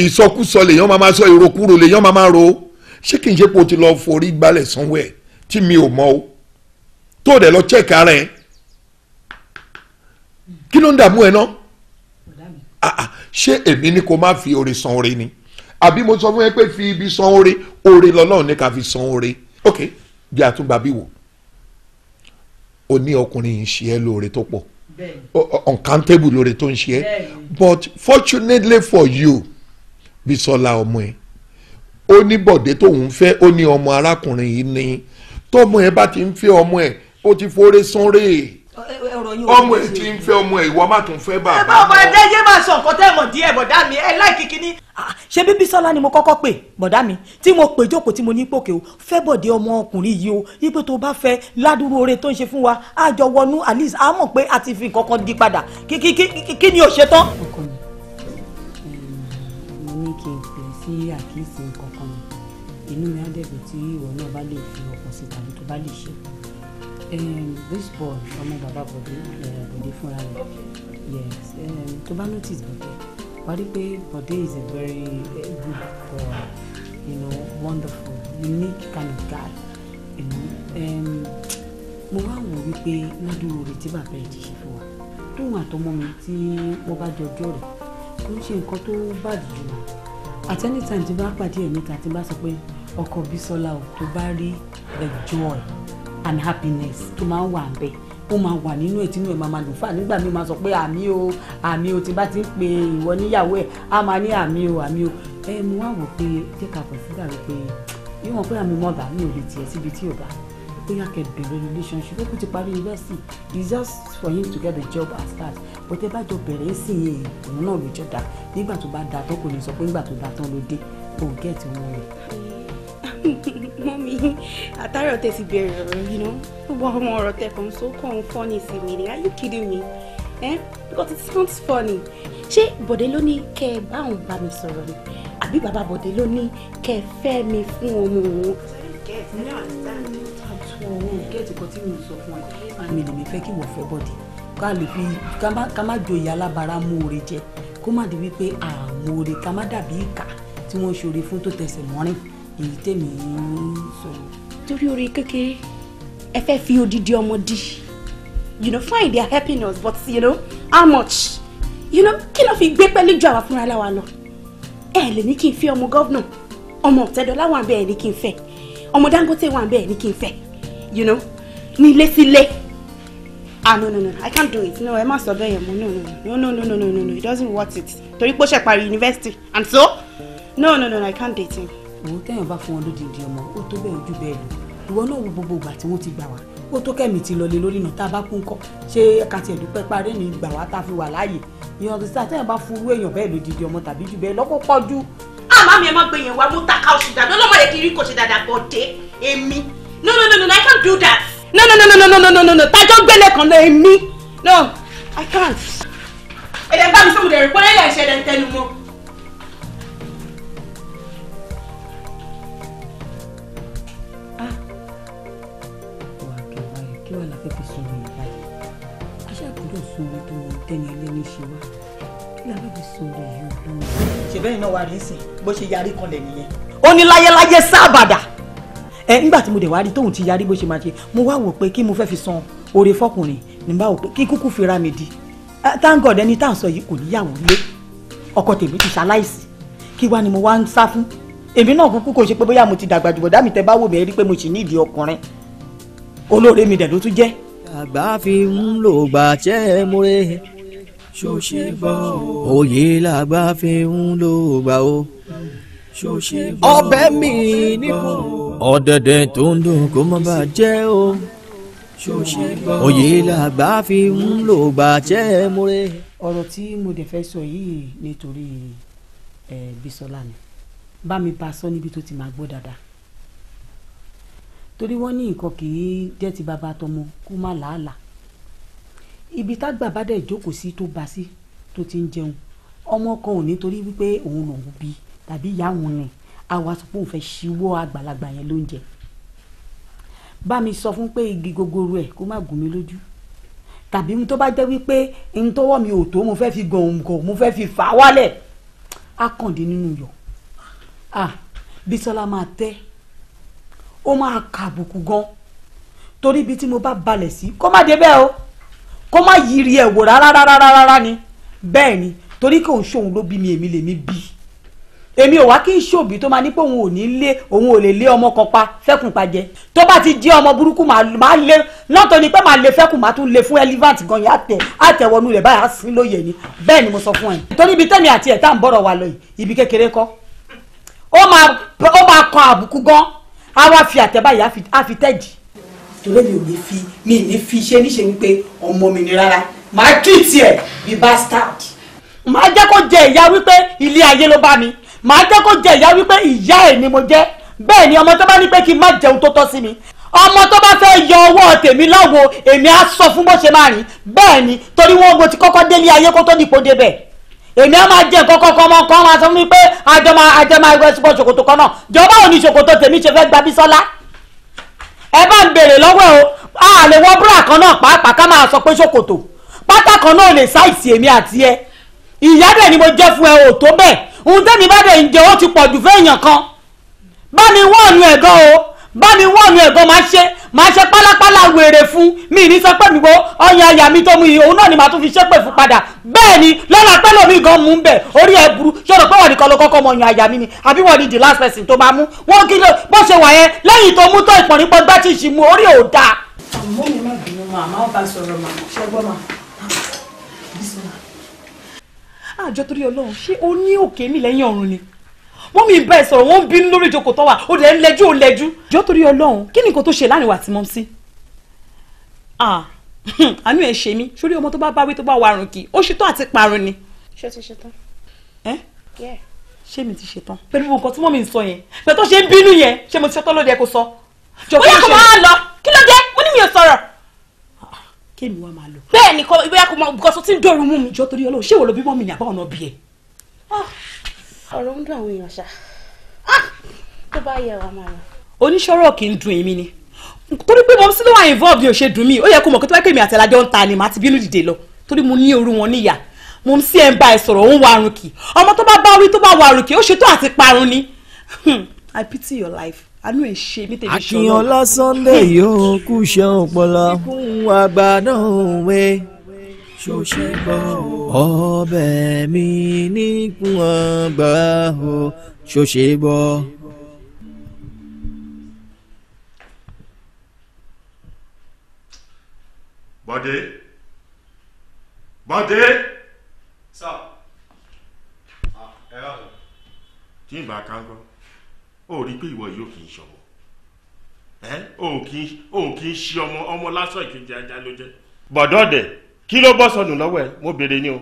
ìsọkúsọ lèèyàn máa máa sọ ìrokúrò lèèyàn máa máa ro ṣé kì í ṣe pé o ti lọ forí gbálẹ̀ sanwó-ẹ̀ tí mi ò mọ o tó dẹ̀ lọ check ara ẹ̀ kí ló ń dààmú ẹ náà ah, ah, ṣé èmi ni kò má fi oore san oore ni àbí mo sọ fún ẹ pé fi ibi san oore oore lọ́lọ́run ní ká fi san oore ok bí a tún gbà bí wò o ní ọkùnrin yìí ṣe é lóore tó pọ̀ uncountable lóore tó ń ṣe but fortunately for you Bísọ́lá ọmọ ẹ ó ní bọ̀dé tóun fẹ́ ó ní ọmọ arákùnrin yìí ni tọ́mọ ẹ bá ti ń fẹ́ ọmọ ẹ ó ti forí sánrè ọmọ ẹ ti ń fẹ́ ọmọ ẹ ìwọ má tún fẹ́ bàbá. ẹ bá ọmọ ẹgbẹ́ yé máa sọ nǹkan tẹ́ mọ̀ díẹ̀ bọ̀dá mi ẹ láì kíkíní. Ah, ṣé bíbí sọlá ni mo kọ́kọ́ pè bọ̀dá mi tí mo pè jókòó tí mo ní pòkè o fẹ́ bọ̀dé ọmọ ọkùnrin yìí o ipò tó bá fẹ́ ládùúrú oore tó ń ṣe fún wa á wọnú alice á mọ̀ pé a ti fi nǹkan kan di padà kí ni o ṣe tán. mo ní kí n pè sí àkíyèsí nǹkan inú mi á dẹ̀ Eh, this boy ọmọ Baba Bodi, Bodi fúnra rẹ̀ yes eh, to bá notice Bodi, wà pé bòdì is a very uh, good boy you know wonderful unique kind of guy you know mo wá wò wípé ládùúgbò rẹ̀ tí bàbá ẹ̀ ti ṣe fún wa tóun àtọmọ mi tí wọ́n bá jọjọ́ rẹ̀ kò ń ṣe nǹkan tó bàjẹ́ jù lọ at any time tí bá pàdé ẹ̀ níta tí bá sọ pé ọkọ Bísọ́lá ò tó bá rí the joy and happiness tó máa ń wà ń bẹ̀ ó máa wà nínú ẹ̀ tínú ẹ̀ máa máa dùn fún ànígbà mi máa sọ pé àmì o àmì o tí bá ti ń pe ìwọ níyàwó ẹ̀ á máa ní àmì o àmì o ẹ mo wá wò pé jẹ́ ká kàn sí dàrú pé yíwọ̀n pé àmì mọ̀dà mi ò lè tiẹ̀ síbi tí ò bá bóyá kẹ bẹ̀rẹ̀ relationship ó kú ti parí university it's just for him to get a job as that but ẹ bá jọ bẹ̀rẹ̀ sí yẹn òun náà ló jọ dá nígbà tó bá da tán kò ní sọ pé nígbà tó da tán ló dé òun gẹ̀ẹ́tì wọn rẹ̀ mọ́mí àtàrà tẹ̀ ti bẹ̀rẹ̀ ọ̀rọ̀ yìí ná gbogbo àwọn ọ̀rọ̀ tẹ̀ so kàn ń fọ́ni sí mi ni are you kidding me eh? because it sounds funny ṣé bọ̀dé ló ní kẹ́ ẹ bá òun bá mi sọ̀rọ̀ ni àbí bàbá bọ̀dé ló ní kẹ́ ẹ fẹ́ mi fún ọmọ òun. kẹ́ẹ̀tì mo sọ fún ẹ mi lè mi fẹ́ kí wọ́n fẹ́ bọ́dì ká lè fi ká má joyè alábàárà mú oore jẹ kó má di wípé àmóore ká má dàbí ìkà tí wọ́n ṣoore fún tó tẹsẹ̀ mọ́rin èyí tèmi ń sọ̀rọ̀. torí orí kékeré ẹ fẹ́ fi odidi ọmọ di you know fine they are helping us but you know how much you know kí ló fi gbé pẹ́lú ju àwa fúnra láwa lọ ẹ lè ní kí n fi ọmọ gọ́vnà ọmọ ọ̀tẹ́dọ́lá wà bẹ́ẹ̀ ní kí n fẹ́ ọmọ dangote wà bẹ́ẹ̀ ní kí n fẹ́ you know ní ilé sílé. Ah no no no I can't do it no ẹ má sọ bẹ́ẹ̀ yẹn mo no no no no no no no no it doesn't worth it torí pé ó ṣe parí university and so no no no I can't date him wò téèyàn bá fún wọn lódìdí ọmọ ó tó bẹ́ẹ̀ ojú bẹ́ẹ̀ lò ìwọ náà wo gbogbo ìgbà tí wọ́n ti gbà wá ó tó kẹ́mi ti lọlé lórí náà tá a bá kú ńkọ́ ṣé ká tiẹ̀ dúpẹ́ parí ní gbà wá tá a fi wà láàyè ìyẹn ọ̀sẹ̀ sáà téèyàn bá fún irú èèyàn bẹ́ẹ̀ lódìdí ọmọ tàbí jù bẹ́ẹ̀ lọ́kọ́ pọ̀ ju. àmọ́ mi ẹ má gbé yẹn wá mo ta ká oṣù dàdó lọ́mọdé kiri kò ṣe dàdà bọ̀ dé èmi no no no no I can't do that. no no no no no no no no no gbélé kan lọ èmi no I can't. ẹ̀dẹ̀ bá mi sọ́mu dẹ̀ rí pọ́nlẹ́lẹ̀ ọkùnrin tó tẹ́ni ẹlẹ́ni ṣe wá kí la lọ́ọ́ fi sun orí yìí ọlọ́run. ṣèbẹ́yìn náà wà rí sìn bó ṣe yarí kanlẹ̀ nìyẹn. ó ní láyéláyé sábàdà ẹ nígbà tí mo dẹ̀ wá tóun ti yarí bó ṣe máa ṣe mo wá wò pé kí mo fẹ́ fi san oore fọkùnrin ní wò pé kí kúkú fi ra mi di thank god ẹni tá à ń sọ yìí kò níyàwó lé ọkọ tèmi ti ṣaláìsí kí wá ni mo wá ń sá fún èmi náà kúkú kò ṣe pé bóyá mo ti dàgbà jùbọ̀dá mi tẹ bá wò mí ẹ rí pé mo sì ní ìdí ọkùnrin olóore mi dẹ̀ ló tún jẹ́ àgbà fi ń lò gbàjẹ́ múre ṣòṣe gbọ́ o. òye làgbà fi ń lò gbà o. ṣòṣe gbọ́ o. ọbẹ̀ mi níkù. ọ̀dẹ̀dẹ̀ tó ń dùn kó má bàa jẹ́ o. ṣòṣe gbọ́ o. òye làgbà fi ń lò gbàjẹ́ múre. ọ̀rọ̀ tí mo dẹ̀ fẹ́ sọ yìí nítorí Bísọ́lá ni bá mi bá a sọ níbi tó ti máa gbọ́ dáadáa torí wọ́n ní nǹkan kì í jẹ́ ti bàbá tọmọ kó má làálàá ibi tágbà bá dẹ̀ jókòó sí tó bá sí tó ti ń jẹun ọmọ kan ò ní torí wípé òun lòun bí tàbí ìyá òun ni àwa sọ pé òun fẹ́ ṣíwọ́ àgbàlagbà yẹn lóúnjẹ bá mi sọ fún pé igi gogoro ẹ̀ kó má gùn mí lójú tàbí tó bá jẹ́ wípé n tọ́wọ́ mi ò tó mo fẹ́ fi gàn òǹgàn mo fẹ́ fi fà á wálẹ̀ á kàn dín nínú yọ̀ ah Bísọ́lá máa tẹ́ ó máa ka àbùkù gan torí ibi tí mo bá balẹ̀ sí kó má débẹ̀ o kó má yiri ẹ̀ rárá rárá rárá ni bẹ́ẹ̀ ni torí kò ń ṣòun ló bí mi èmi lèmi bí èmi ò wá kí n ṣòbí tó máa ní pé òun ò ní lé òun ò lè lé ọmọ kan pa fẹ́kùn pa tó bá ti jẹ́ ọmọ burúkú máa lé náà ni pé máa lé fẹ́kùn máa tún lé fún elephant gan yà tẹ àtẹwọnú rẹ̀ báyà sí lóye ni bẹ́ẹ̀ ni mo sọ fún ẹ torí ibi tẹ́mi àti ẹ̀ tá à ń bọ̀rọ̀ wa lọ yìí ibi kékeré kọ́ ó máa kọ àbùkù gan a wá fi àtẹ̀bá yìí a fi tẹ́jì. torí mi ò ní fi mi ò ní fi ṣe níṣe wípé ọmọ mi ni rárá màá kí tiẹ̀ bí bastard. màá jẹ́ kó jẹ ìyá wípé ilé ayé ló bá mi màá jẹ́ kó jẹ ìyá wípé ìyá ẹ̀ ni mo jẹ́ bẹ́ẹ̀ ni ọmọ tó bá ní pé kí n má jẹun tó tọ́ sí mi ọmọ tó bá fẹ́ yọ ọwọ́ tèmi láwo èmi á sọ fún bó ṣe máa rìn bẹ́ẹ̀ ni torí wọn mo ti kọ́kọ́ délé ayé kó tó nípo débẹ̀ èmi á máa jẹ nǹkan kankan ọmọ kan máa sọ fún mi pé àjọ máa àjọ máa ẹgbẹ́ sípò ṣòkòtò kan náà jọba ò ní ṣòkòtò tèmi ṣe fẹ́ gba Bísọ́lá ẹ bá ń béèrè lọ́wọ́ ẹ o a lè wọ búrà kan náà pàápàá ká máa sọ pé ṣòkòtò pátá kan náà lè ṣàìsí èmi àti ẹ ìyá dẹ̀ ni mo jẹ́ fún ẹ ò tó bẹ́ẹ̀ ohun tẹ́mi bá dẹ̀ ń jẹ ó ti pọ̀ jù fún èèyàn kan bá mi wọ́ọ̀nù ẹ̀gán o bá mi wọ́n mi ẹ̀gbọ́n máa ṣe máa ṣe pálápálá wèrè fún mi ní sọ pé mi wo ọyàn àyà mi tó mu yìí òun náà ni màá tún fi ṣépè fún padà bẹ́ẹ̀ ni lọ́la pẹ́lú mi gan mú bẹ̀ orí ẹ̀ burú ṣọ̀rọ̀ pé wọ́n ní kọ́lọ́ kọ́kọ́ mọ ọyàn àyà mi ni àbí wọ́n ní the last person tó máa mú wọ́n kí ló bó ṣe wà yẹn lẹ́yìn tó mú tó ìpọ̀nrín pọ̀ gbá tí ì mú orí ò dáa. àmọ́ mi má bínú mọ́ àmọ́ ọba sọ̀rọ̀ mọ́ ṣẹ́gbọ́n mọ́ àjọ torí ọlọ́run ṣé o ní òkè mi lẹ́yìn ọ̀run ni mọ́mí ìbá ẹ̀ sọ̀rọ̀ wọ́n ń bínú lórí ìjókòó tó wà ó dẹ̀ ń lẹ́jú ó lẹ́jú. jọ́ torí ọlọ́run kí ni nǹkan tó ṣe láàrin wa ti mọ́ sí. [LAUGHS] àánú ẹ̀ ṣe mí sórí ọmọ tó bá báwí tó bá warùn kì ó ṣetán àti parun ni. ṣé o ti ṣetán. ẹ ṣé mi ti ṣetán. pẹ̀lú nǹkan tí mọ́mí ń sọ yẹn pẹ̀lú tó ṣe ń bínú yẹn ṣé mo ti ṣetán lóde kó sọ. bóyá kò máa lọ kí ló dé mo ní mi ò sọ̀rọ̀. kéèmí wa máa lọ. bẹ́ẹ̀ ni bóyá kò máa bùkọ́sọ tí ń dọ̀rùn mú mi. jọ́ torí ọlọ́run ṣé ìwọ ló ọ̀rọ̀ ń dùn àwọn èèyàn ṣá ah! tó bá yẹ wàá máa lọ. oníṣòro kì í dùn èmi ni torí pé mọ̀mísí ló wà involved yóò ṣe dùn mí ó yẹ kó mọ̀ kó tó bá pè mí àtẹ̀lájọ́ ń ta ni màá ti bínú dìde lọ torí mo ní orú wọn níyà mọ̀mísí ẹ̀ ń bá ẹ sọ̀rọ̀ ó wa arùn kì ọmọ tó bá bá wí tó bá wa arùn kì ó ṣètò àti parun ni hmm. I pity your life àánú ẹ̀ ṣe ní tèmi ṣọlọ. Akínọlá Sunday yóò kú ṣe ọpọlọ àgbà náà wẹ́ẹ́ ṣòṣe bọ́ o. ọbẹ̀ mi nígun ọgbà o ṣòṣe bọ́. bọ́dé bọ́dé. sá ah, ẹ rà sọ. tí ìgbà kan gbọ́ ó rí i pé ìwọ yóò kì í ṣọwọ́ ẹ ò kì í ṣe ọmọ ọmọ lásán ìkejì ajá ló jẹ. bọ̀dọ̀ dẹ̀ kí ló bọ́ sọnù lọ́wọ́ ẹ mo béèrè ni o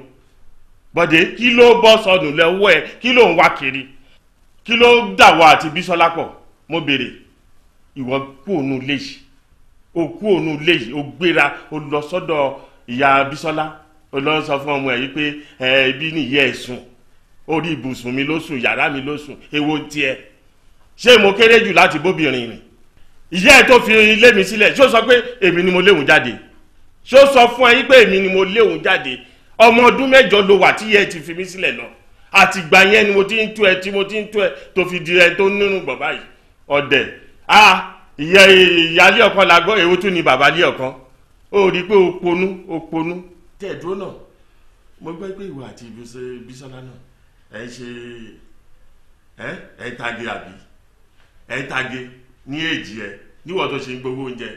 bọ̀dé kí ló bọ́ sọnù lọ́wọ́ ẹ kí ló ń wá kiri kí ló dàwọ̀ àti bísọ́lá pọ̀ mo béèrè ìwọ kú òun ilé o kú òun ilé o gbéra o lọ sọ́dọ̀ ìyá bísọ́lá o lọ sọ fún ọmọ ẹ yìí pé ẹ ibi nìyí ẹ sùn orí ibùsùn mi ló sùn yàrá mi ló sùn èwo tiẹ̀ ṣé mo kéré jù láti bóbìnrin rìn ìyá ẹ tó fi ilé mi sílẹ̀ ṣó sọ pé èmi ni mo léwu jáde ṣé ó sọ fún ẹ yí pé èmi ni mo lé òun jáde ọmọ ọdún mẹ́jọ ló wà tí yẹ ti fi mí sílẹ̀ lọ àtìgbà yẹn ni mo ti ń tú ẹ tí mo ti ń tú ẹ tó fi di ẹ tó ń nínú bàbá yìí ọ̀dẹ̀ a ìyá ìyálé ọ̀kan la gbọ́ èwo tún ni bàbá lé ọ̀kan ó rí i pé o ponú o ponú. tẹ̀ dúró náà mo gbọ́ pé ìwọ àti Bísọ́lá náà ẹ ṣe ẹ ẹ tage àbí ẹ tage ní èjì ẹ níwọ̀n tó ṣe ń gbowó oúnjẹ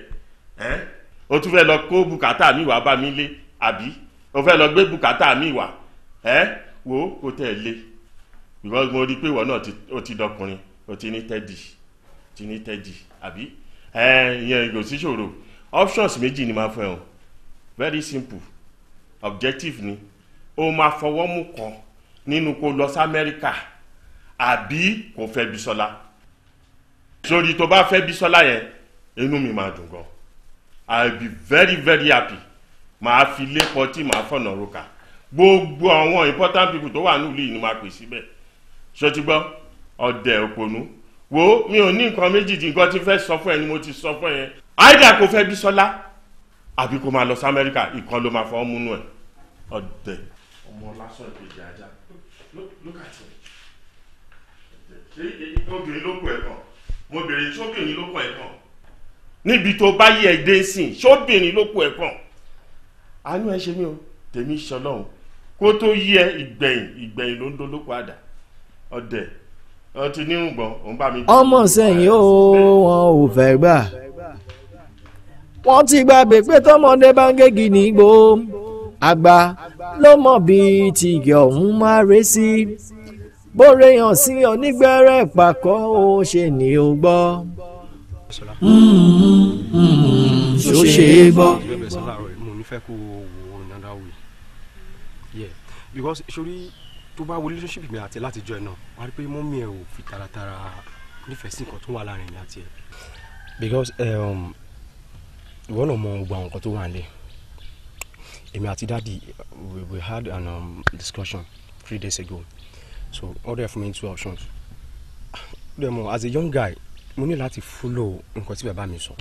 ẹ o tún fẹ́ lọ kó bùkátà mi wá bá mi lé àbí o fẹ́ lọ gbé bùkátà mi wá ẹ wo kò tẹ̀ lé because mo rí i pé ìwọ náà o ti dọkùnrin o ti ní tẹ́dì ti ní tẹ́dì àbí ẹ ìyẹn kò sí ṣòro options méjì ni máa fẹ́ o very simple objective ni o máa fọwọ́ mú kan nínú kó lọ sí amẹ́ríkà àbí kò fẹ́ Bísọ́lá sórí tó bá fẹ́ Bísọ́lá yẹn inú mi máa dùn gan-an i'll be very very happy màá fi lépọ tí màá fọ̀nà roka gbogbo àwọn important people tó wà nílùú yìí ni màá pè síbẹ̀ ṣọtígbọ́ ọ̀dẹ̀ òpònú wo mi ò ní nǹkan méjì tí nǹkan ti fẹ́ sọ fún ẹ ni mo ti sọ fún ẹ àìdá kò fẹ́ bí sọlá àbí kò máa lọ sí amẹ́ríkà ìkan ló máa fọwọ́ múnú ẹ ọ̀dẹ̀. ọmọ lásán ìkejì ajá look at him ṣé obìnrin ló kọ ẹ̀ mo bèrè ṣé obìnrin ló kọ ẹ̀ níbi tó bá yẹ ẹdẹ ń sìn ṣóbìnrin ló kú ẹ pọn àánú ẹ ṣe mí o tèmi ṣọlọ́run kó tó yẹ ìgbẹ̀yìn ìgbẹ̀yìn ló ń dolóko àdá ọdẹ ọtí nírùngbọ̀n òun bá mi. ọmọ sẹ́yìn ó wọn ò fẹ́ gbà wọ́n ti gbàgbé pé tọ́mọdé bá ń àgbà ló mọ̀ bí tìgẹ̀ ọ̀hún máa ré sí bóre hàn sí ọ nígbẹ́rẹ́ pàkọ́ ó ṣe ní o gbọ́ ṣó ṣe é gbọ́. mo nífẹ̀ẹ́ kó wo another way yeah because sori tó bá wo relationship mi àti láti jọ ẹ náà wá rí pé mọ́mí ẹ ò fi taratara nífẹ̀ẹ́ sí nǹkan tó wà láàrin mi àti ẹ. because um, ìwọ náà mọ gbogbo àwọn nǹkan tó wà nílé èmi àti dáàdi we we had an um, discussion three days ago so all dẹ̀ fún mi two options. dẹ̀ as a young guy mo ní láti fúlò nǹkan tí bàbá mi sọ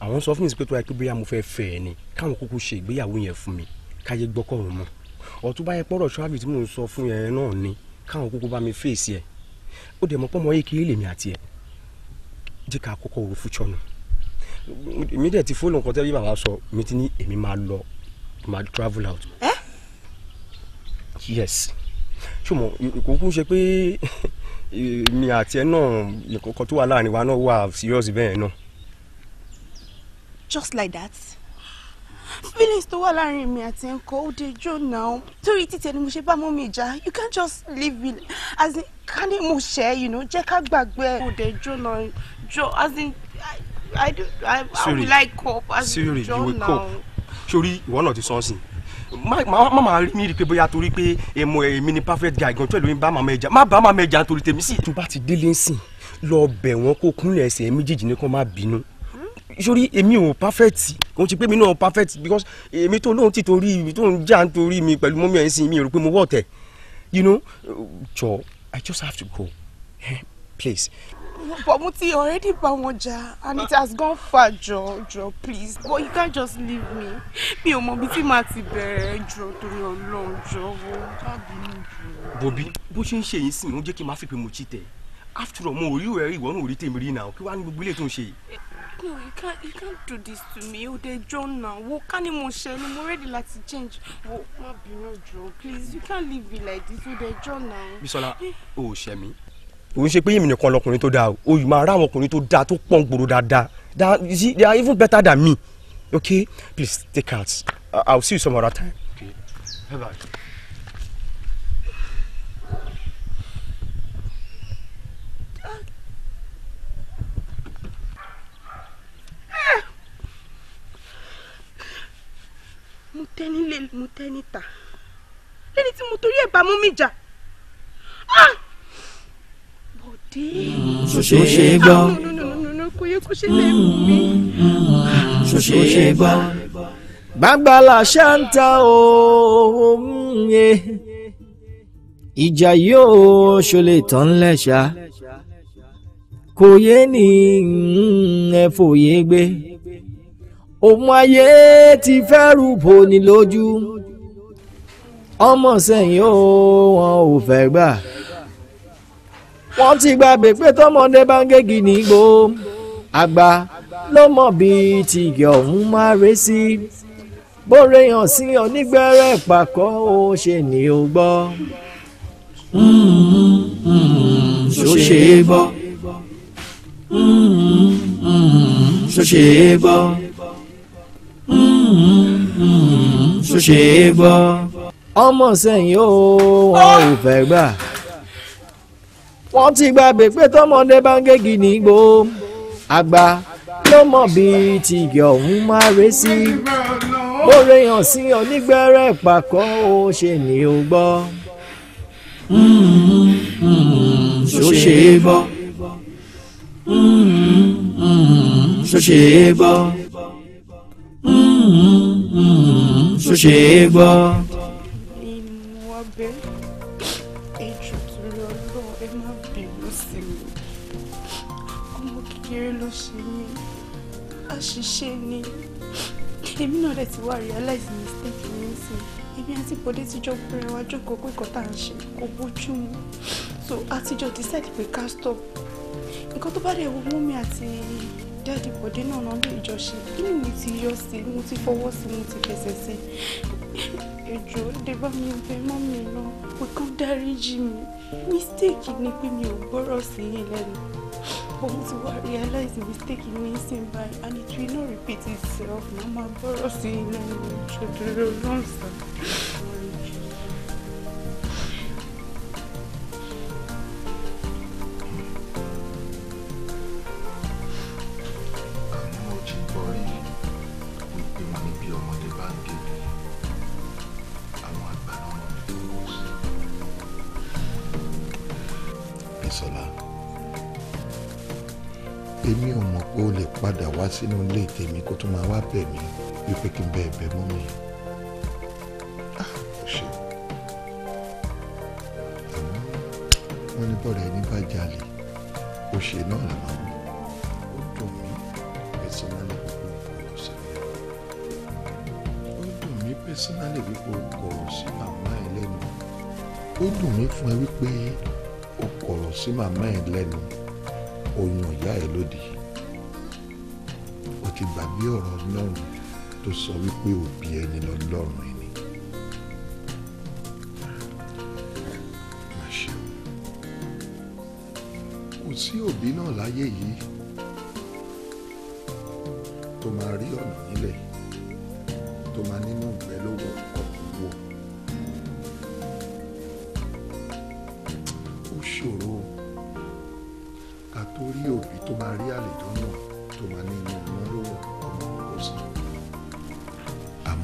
àwọn sọ fún mi sí pé tó yẹ kí bóyá mo fẹ́ fẹ́ ẹ ni káwọn kúkú ṣe ìgbéyàwó yẹn fún mi káyé gbọ́kọ̀rọ̀ mọ́ ọ̀tún bá yẹ pọ́rọ̀ ṣọ́àbì tí mò ń sọ fún yẹn náà ni káwọn kúkú bá mi fèsì ẹ̀ ó dẹ̀ mọ́ pọ́nmọ́ yìí kiri lèmi àti ẹ̀ jẹ́ ká kọ́kọ́ wo fún chọ́nù èmi dẹ̀ ti fóònù nǹkan tẹ́lẹ̀ bàbá sọ mi ti ní èmi máa lọ máa travel out. yes ṣùgbọ́n kò kún ṣe pé èmi àti ẹ náà nǹkan tó wà láàrin wa náà wà serious bẹ́ẹ̀ náà. just like that feelings tó wà láàrin mi àti nǹkan ó de jó náà torí títẹ ni mo ṣe bá mọ́ mi jà you can't just leave me as in ká ní mo ṣe you know jẹ́ ká gbàgbé ó de jó náà jọ as in i do i, I would like cope as in jọ náà. sori you will cope sori ìwọ náà ti sọ ọ́ sí i má má rí mi rí pé bóyá torí pé èmo èmi ni perfect guy gan tó lóyún bá màmá ẹja má bá màmá ẹja torí tèmi sí. tó bá ti délé ńsìn lọ bẹ̀ wọ́n kó kúnlẹ̀ ẹsẹ̀ méjèèjì ní kó má bínú sórí èmi ò perfect òun ti pé mi náà perfect because èmi tó lóun ti torí mi tó ń jà ń torí mi pẹ̀lú mọ́mí ẹ̀ mi rò pé mo wọ̀ tẹ̀ you know jọ I just have to go eh, please But Muti already Bamoja and it has gone far, Joe, Joe, please. But you can't just leave me. Me ò mọ mati tí màá to your jọ torí Bobby, but wo. Bobi, bó ṣe ń ṣe yín sìn, ó jẹ́ After all, you were rí ìwé rí ìwọ náà ò rí tèmi rí náà, kí wàá No, you can't, you can't do this to me. You're dead, John now. Wo ká ni mo ṣe ni mo ready láti change. Oh, my beautiful jọ, please, you can't leave me like this. You're dead, John now. Bisola, oh share me òun ṣe pé èmi nìkan lọkùnrin tó dáa o yìí máa rá àwọn ọkùnrin tó dáa tó pọ̀ ń gbòòrò dáadáa that you see they are even better than me okay please take out uh, i will see you some other time. Okay. Bye -bye. mo tẹ́ nílé mo tẹ́ níta lẹ́ni tí mo torí ẹ̀ bá mú mi jà. Ah! ṣoṣo ṣe gbọ́ ṣoṣo ṣe gbọ́. gbàgbàlà ṣáńtà òun yẹ mm, eh. ìjà yóò ṣọlẹ tán lẹṣà kò yé ni mm, ẹ fòye gbé òun ayé ti fẹ́ rúbò ní lójú ọmọ sẹ́yìn ó wọn ò fẹ́ gbà wọ́n ti gbàgbé pé tọ́mọdé bá ń gégi nígbó àgbà ló mọ̀ bí tìgì ọ̀hún máa ré sí bóre hàn sí onígbẹ́rẹ́ pàkọ́ ó ṣe ní o gbọ́. ṣó ṣe é gbọ́ ṣó ṣe é gbọ́ ṣó ṣe é gbọ́. ọmọ sẹ́yìn ó wọn ò fẹ́ gbà wọ́n ti gbàgbé pé tọ́mọdé bá ń gégi nígbó àgbà ló mọ̀ bí tìgì ọ̀hún máa ré sí mo rèèyàn sí onígbẹ́rẹ́ ìpàkọ́ ó ṣe ní o gbọ́. Mm-hmm. ṣó ṣe é gbọ́ mm-hmm. ṣó ṣe é gbọ́ mm-hmm. ṣó ṣe é gbọ́. ṣe ni èmi náà dẹ̀ ti wá realize mistake mi sí èmi àti bọ́dé ti jọ gbọ́ra wa jókòó pé nǹkan tá à ń ṣe kò bójú mu so àtijọ́ decide pé ká stop nǹkan tó bá dẹ̀ wo mọ́mí àti dáàdì bọ́dé náà náà lè jọ ṣe inú mi ti yọ sí mo ti fọwọ́ sí mo ti fẹsẹ̀ sí ẹjọ́ dé bá mi bẹ̀ mọ́mí náà pé kán dáríjì mi mistake ni pé mi ò gbọ́rọ̀ sí yín lẹ́nu. But once you realize the mistake you made sin by and it will not repeat itself. Mama borrow sin and children don't sínú ilé tèmi kó tún máa wá bẹ̀ mí wípé kí n bẹ̀ bẹ̀ mú mi. Ah, wọ́n ní bọ̀rẹ̀ ẹni bá jalè òṣè náà là máa mú ó dùn mí pẹ̀sọ́nálì gbogbo ọ̀rọ̀ sí mi ó dùn mí pẹ̀sọ́nálì gbogbo ọ̀rọ̀ sí màmá ẹ lẹ́nu ó dùn mí fún ẹ wípé o kọ̀rọ̀ sí màmá ẹ lẹ́nu oyún ìyá ẹ lódìí kí gbàgbé ọ̀rọ̀ ọlọ́run tó sọ wípé òbí ẹni lọ́lọ́run ẹni. kò sí òbí náà láyé yìí tó máa rí ọ̀nà nílẹ̀ tó máa nínú ìgbẹ́ lówó ọ̀pọ̀ wò. ó ṣòro ká tó rí òbí tó máa rí àlejò náà tó máa nínú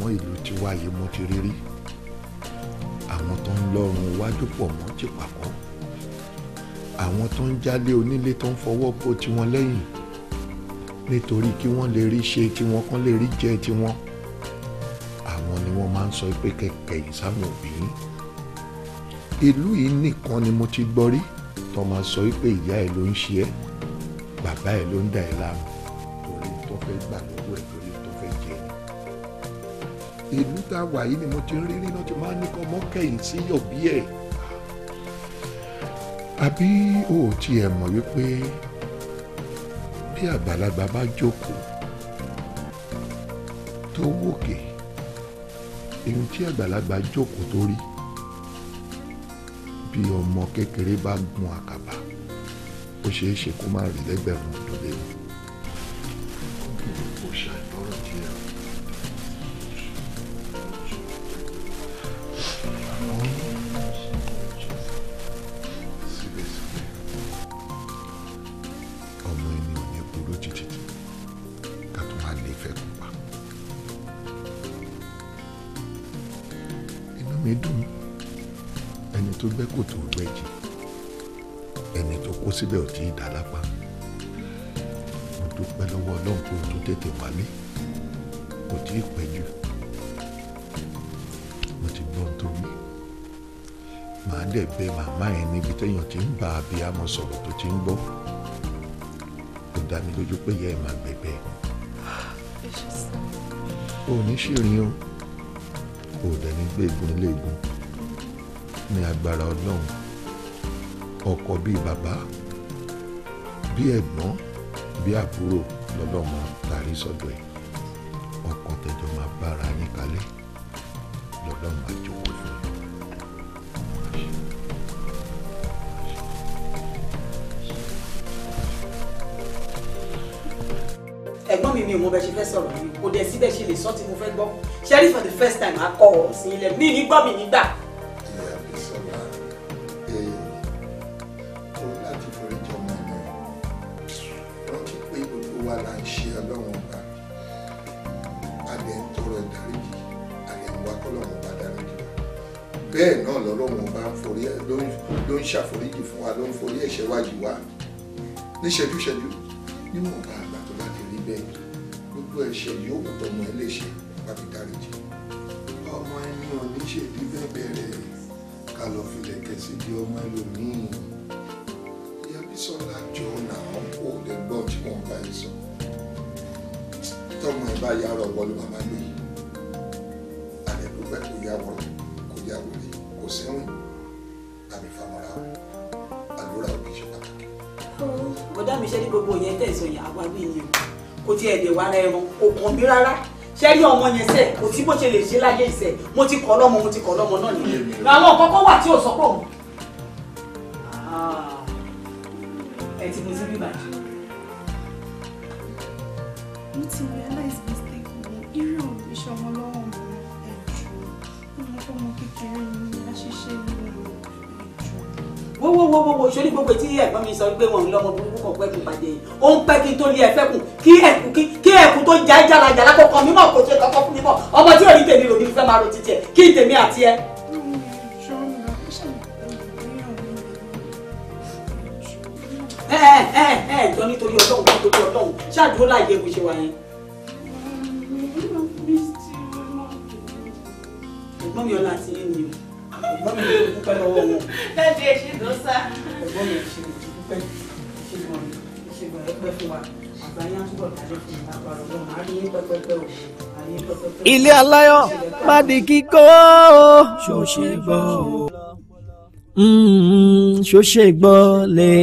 mọ́ ìlú tiwa yìí mo ti rí rí àwọn tó ń lọ́rùn iwájú pọ̀ mọ́ ti pàkọ́ àwọn tó ń jálé onílé tó ń fọwọ́ bò tiwọn lẹ́yìn nítorí kí wọ́n lè rí ṣe tiwọn kán lè rí jẹ tiwọn àwọn ni wọ́n máa ń sọ pé kẹ̀kẹ́yìn sáwọn òbí ìlú yìí nìkan ni mo ti gbọ́ rí tó máa sọ pé ìyá ẹ ló ń ṣe ẹ́ bàbá ẹ ló ń dà ẹ́ láàmú torí tó fẹ́ gbà lọ́wọ́ ẹ̀ lórí ìlú tá a wà yìí ni mo ti ń rí rí náà ti máa ń ní kọ́ mọ́kẹ́yìn sí yọ̀bí ẹ̀ àbí o ò tiẹ̀ mọ̀ wípé bí àgbàlagbà bá jókòó tó wòkè ohun tí àgbàlagbà jókòó tó rí bí ọmọ kékeré bá gun àkàbà ó ṣeé kó má rí lẹ́gbẹ̀rún dẹ̀ bẹ màmá ẹ̀ níbi téèyàn ti ń bá abiyamọ sọ̀rọ̀ tó ti ń gbọ́ kò dá mi lójú pé ìyá ẹ̀ máa gbẹ̀gbẹ́ ò ní ṣìrìn o kò dẹ̀ ní gbégun ilé egun ní agbára ọlọ́run ọkọ bíi bàbá bíi ẹ̀gbọ́n bíi àbúrò lọ́lọ́run máa tarí sọ́dọ̀ ẹ̀ ọkọ tẹjọ máa bára yín kalẹ̀ lọ́lọ́run máa fún yín ẹ̀gbọ́n mi mi ò mọ bẹ́ẹ̀ ṣe fẹ́ sọ̀rọ̀ mi kò dẹ̀ síbẹ̀ ṣe lè sọ tí mo fẹ́ gbọ́ ṣẹ́rí for the first time akọ sí ilẹ̀ mi nígbọ́ mi nígbà. níṣẹ́júṣẹ́jú níwọ̀nba àgbà tó bá ti rí bẹ́ẹ̀ gbogbo ẹ̀ṣẹ̀ yóò wù tọmọ ẹ lè ṣe bá ti dáríjì ọmọ ẹni ọ̀ní ṣèdí bẹ́ẹ̀ bẹ̀rẹ̀ ká lọ filẹ̀ kẹsí di ọmọ ẹlòmíì ìyá Bísọ́lá jọ náà kó lè gbọ́ tí wọ́n bá ẹ sọ tọmọ ẹ bá yára ọ̀wọ́ ló máa bọ́dá mi ṣe ní gbogbo yẹn tẹ̀sán yẹn àwárí ni o kò tiẹ̀ lè wá ara ẹran kò kàn mí rárá ṣé ní ọmọ yẹn sẹ kò sí bó ṣe lè ṣe láyé ìṣẹ mo ti kọ lọmọ mo ti kọ lọmọ náà nìyẹn àwọn kọkọ wà tí ò sọpọ mọ. Ah. ẹ ti mo sí bí bàjẹ́. mo ti realize mistake mi irú ìṣọmọlọ́wọ́ mi ẹ̀jú mo mọ fọmọ kékeré mi àṣìṣe mi wowowowowo sori gbogbo tí ẹ̀gbọ́n mi sọ pé wọn lọ́mọ burúkú kan pẹ́ kùn bàjẹ́ ń pẹ́ kí n tó lé ẹ̀fẹ́ kí ẹ̀kú kí ẹ̀kú tó já jàlàjàlà kọ̀ọ̀kan mímọ̀ kò ṣe kọ̀ọ̀kan fún mímọ̀ ọmọ tí òní tèmi rò ní máa ro títí ẹ̀ kí n tèmi àti ẹ. ẹ ẹ ẹ jọ nítorí ọlọ́run nítorí ọlọ́run ṣáàdúró láàyè bó ṣe wà yẹn. ẹ̀gbọ́n mi ọlá àti yín ni o mi ló dúpẹ́ lọ́wọ́ wọn lẹ́dí èsì ló sá. ẹ̀gbọ́n mi ṣe mo dúpẹ́ ṣègbọn ṣègbọn ẹ̀pẹ́ fún wa àgbáyé Ilé aláyọ̀ má di kíkọ́ ṣòṣe gbọ́ mm-hmm, ṣòṣe gbọ́ lè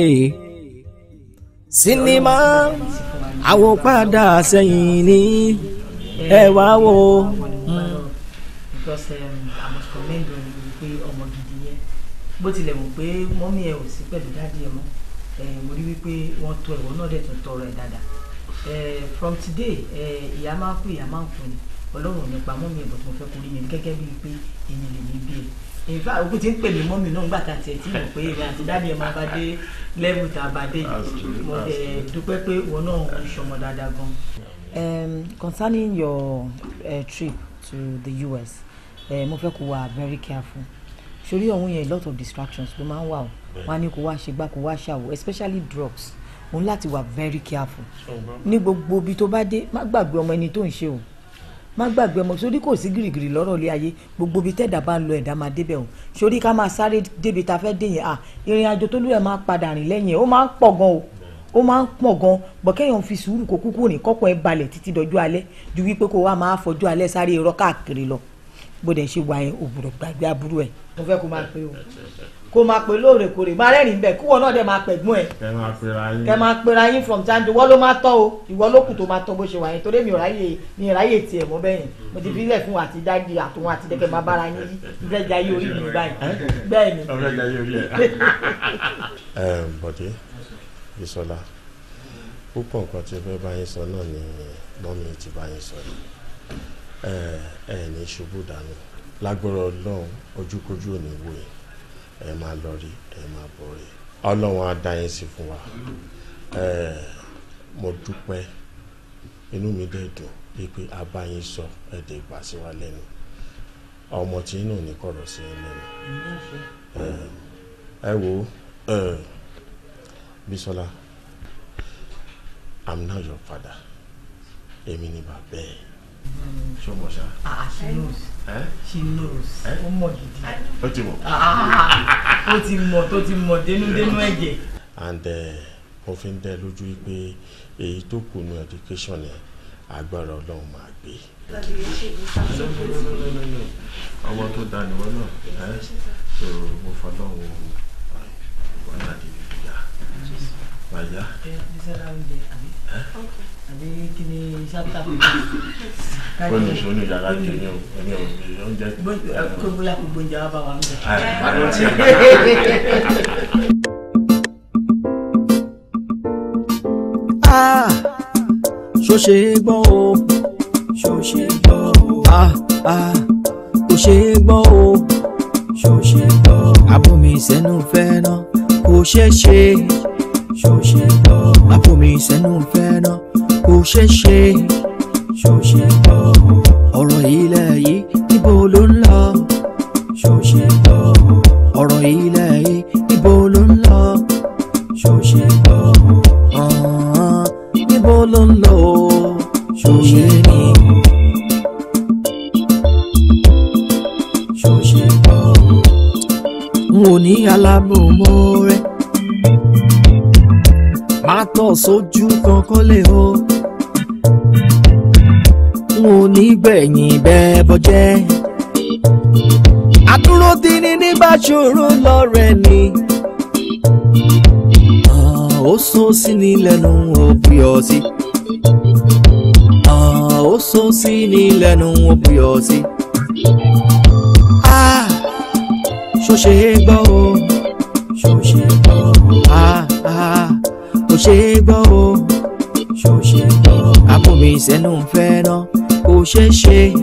sinimá àwọ̀ padà sẹ́yìn ní ẹ̀wá wo bó tilẹ̀ mọ̀ pé mọ́mí ẹ ò sí pẹ̀lú dáàdi ẹ mọ́ mo rí wípé wọ́n tọ ẹ̀wọ́ náà dẹ̀ tún tọrọ ẹ̀ dáadáa from today ìyá máa ń kú ìyá máa ń kú ni ọlọ́run nípa mọ́mí ẹ bọ̀ tí mo fẹ́ kó rí yẹn gẹ́gẹ́ bíi pé èyí lè ní bí ẹ ìfà òkú ti ń pè mí mọ́mí náà nígbà tiẹ̀ tí mo pé èmi àti dáàdi ẹ máa bá dé lẹ́wù tá a bá dé dúpẹ́ pé wọn náà ń ṣọmọ dáadáa gan. concerning your uh, trip to the US eh, mo fẹ́ kó wà very careful sórí ọ̀hún yẹn a lot of distractions ló máa ń wà o wọn á ní kó wá ṣe gbá kó wá ṣàwò especially drugs òun láti wà very careful ní gbogbo ibi tó bá dé má gbàgbé ọmọ ẹni tó ń ṣe o má gbàgbé ọmọ sórí kò sí gìrìgìrì lọ́rọ̀ ilé ayé gbogbo ibi tẹ́dà bá ń lọ ẹ̀dá máa débẹ̀ o sórí ká máa sáré débi tá a fẹ́ dé yẹn à ìrìn àjò tó lù ẹ̀ máa padà rìn lẹ́yìn ẹ̀ ó máa ń pọ̀ gan o ó máa ń pọ̀ gan bọ̀ kéèyàn fi sùúrù kó kúkú rìn kọ́kọ́ ẹ balẹ̀ títí dọjọ́ alẹ́ ju wípé kó wá máa fọjọ́ alẹ́ sáré irọ́ káàkiri lọ gbọ́dọ̀ ṣe wà ẹ̀ òbúrò gbàgbé aburú ẹ̀ mo fẹ́ kó máa pe o kó máa pe lóòrèkóòrè máa rẹ́rìn bẹ́ẹ̀ kúwọ́ náà dẹ̀ máa pẹ̀gbọ́n ẹ̀ kẹ́ máa pera yín from time to wọ́n ló máa tọ́ o ìwọ ló kù tó máa tọ́ bó ṣe wà yín torí mi ò ráyè mi ò ráyè tiẹ̀ mọ́ bẹ́yìn mo ti fi ilẹ̀ fún àti dájú àtòun àti dẹ́kẹ́ máa bára yín bẹ́ẹ̀ jẹ́ ayé orí mi báyìí bẹ́ẹ̀ ni. [LAUGHS] bọ̀dé Bísọ́lá púpọ̀ nǹkan tí o fẹ́ bá yín sọ náà ni mọ́mí ti bá yín sọ ẹ̀ ẹ̀ ní ṣubú dànù lágbára ọlọ́run ojúkojú òní wò yín máa lọ rí ẹ máa bọ̀ rí ọlọ́run á dá yín sí fún wa mo dúpẹ́ inú mi dẹ̀ dùn pé a bá yín sọ ẹ̀dẹ̀ ìgbà sí wa lẹ́nu ọmọ tí inú ní kọ̀rọ̀ sí yín lẹ́nu ẹ wo Bísọ́lá I'm not your father èmi ni bàbá ẹ̀ ṣọmọ ṣá. Ah, ah, she knows she knows ó mọ̀ gidi. ó ti mọ̀. Ah, ó ti mọ̀ tó ti mọ̀ dénúdénú ẹ̀jẹ̀. and eh, mo fi ń dẹ lójú pé èyí tó kù nu education yẹn agbára ọlọ́run máa gbé. ọmọ tó da nìwọ náà ẹ so mo fọlọ́run wà ládìrí ìyá. bàyá. ẹ ẹ ní sẹ́dá oúnjẹ àbí àbí kí ni ṣáta. ó ní ìṣó ní yàrá jẹ ní ẹni oúnjẹ. kó bóyá kó gbóúnjẹ wá bá wa ah, ṣe gbọ́ o ṣó ṣe gbọ́ o a ah, ah, ṣe gbọ́ o ṣó ṣe gbọ́ o àbomi sẹ́nu fẹ́ kò ṣe ṣe ṣó ṣe gbọ́ o àbomi sẹ́nu fẹ́ ṣe ṣe ṣó ṣe gbọ́ ọ̀rọ̀ ilẹ̀ lẹ́nu ó pè ọ́ sí. ṣó ṣe é gbọ́ o ṣó ṣe é gbọ́ o ó ah, ah, ṣe é gbọ́ o ṣó ṣe é gbọ́ o. àpò mi sẹ́nu fẹ́ ná kò ṣeé ṣe.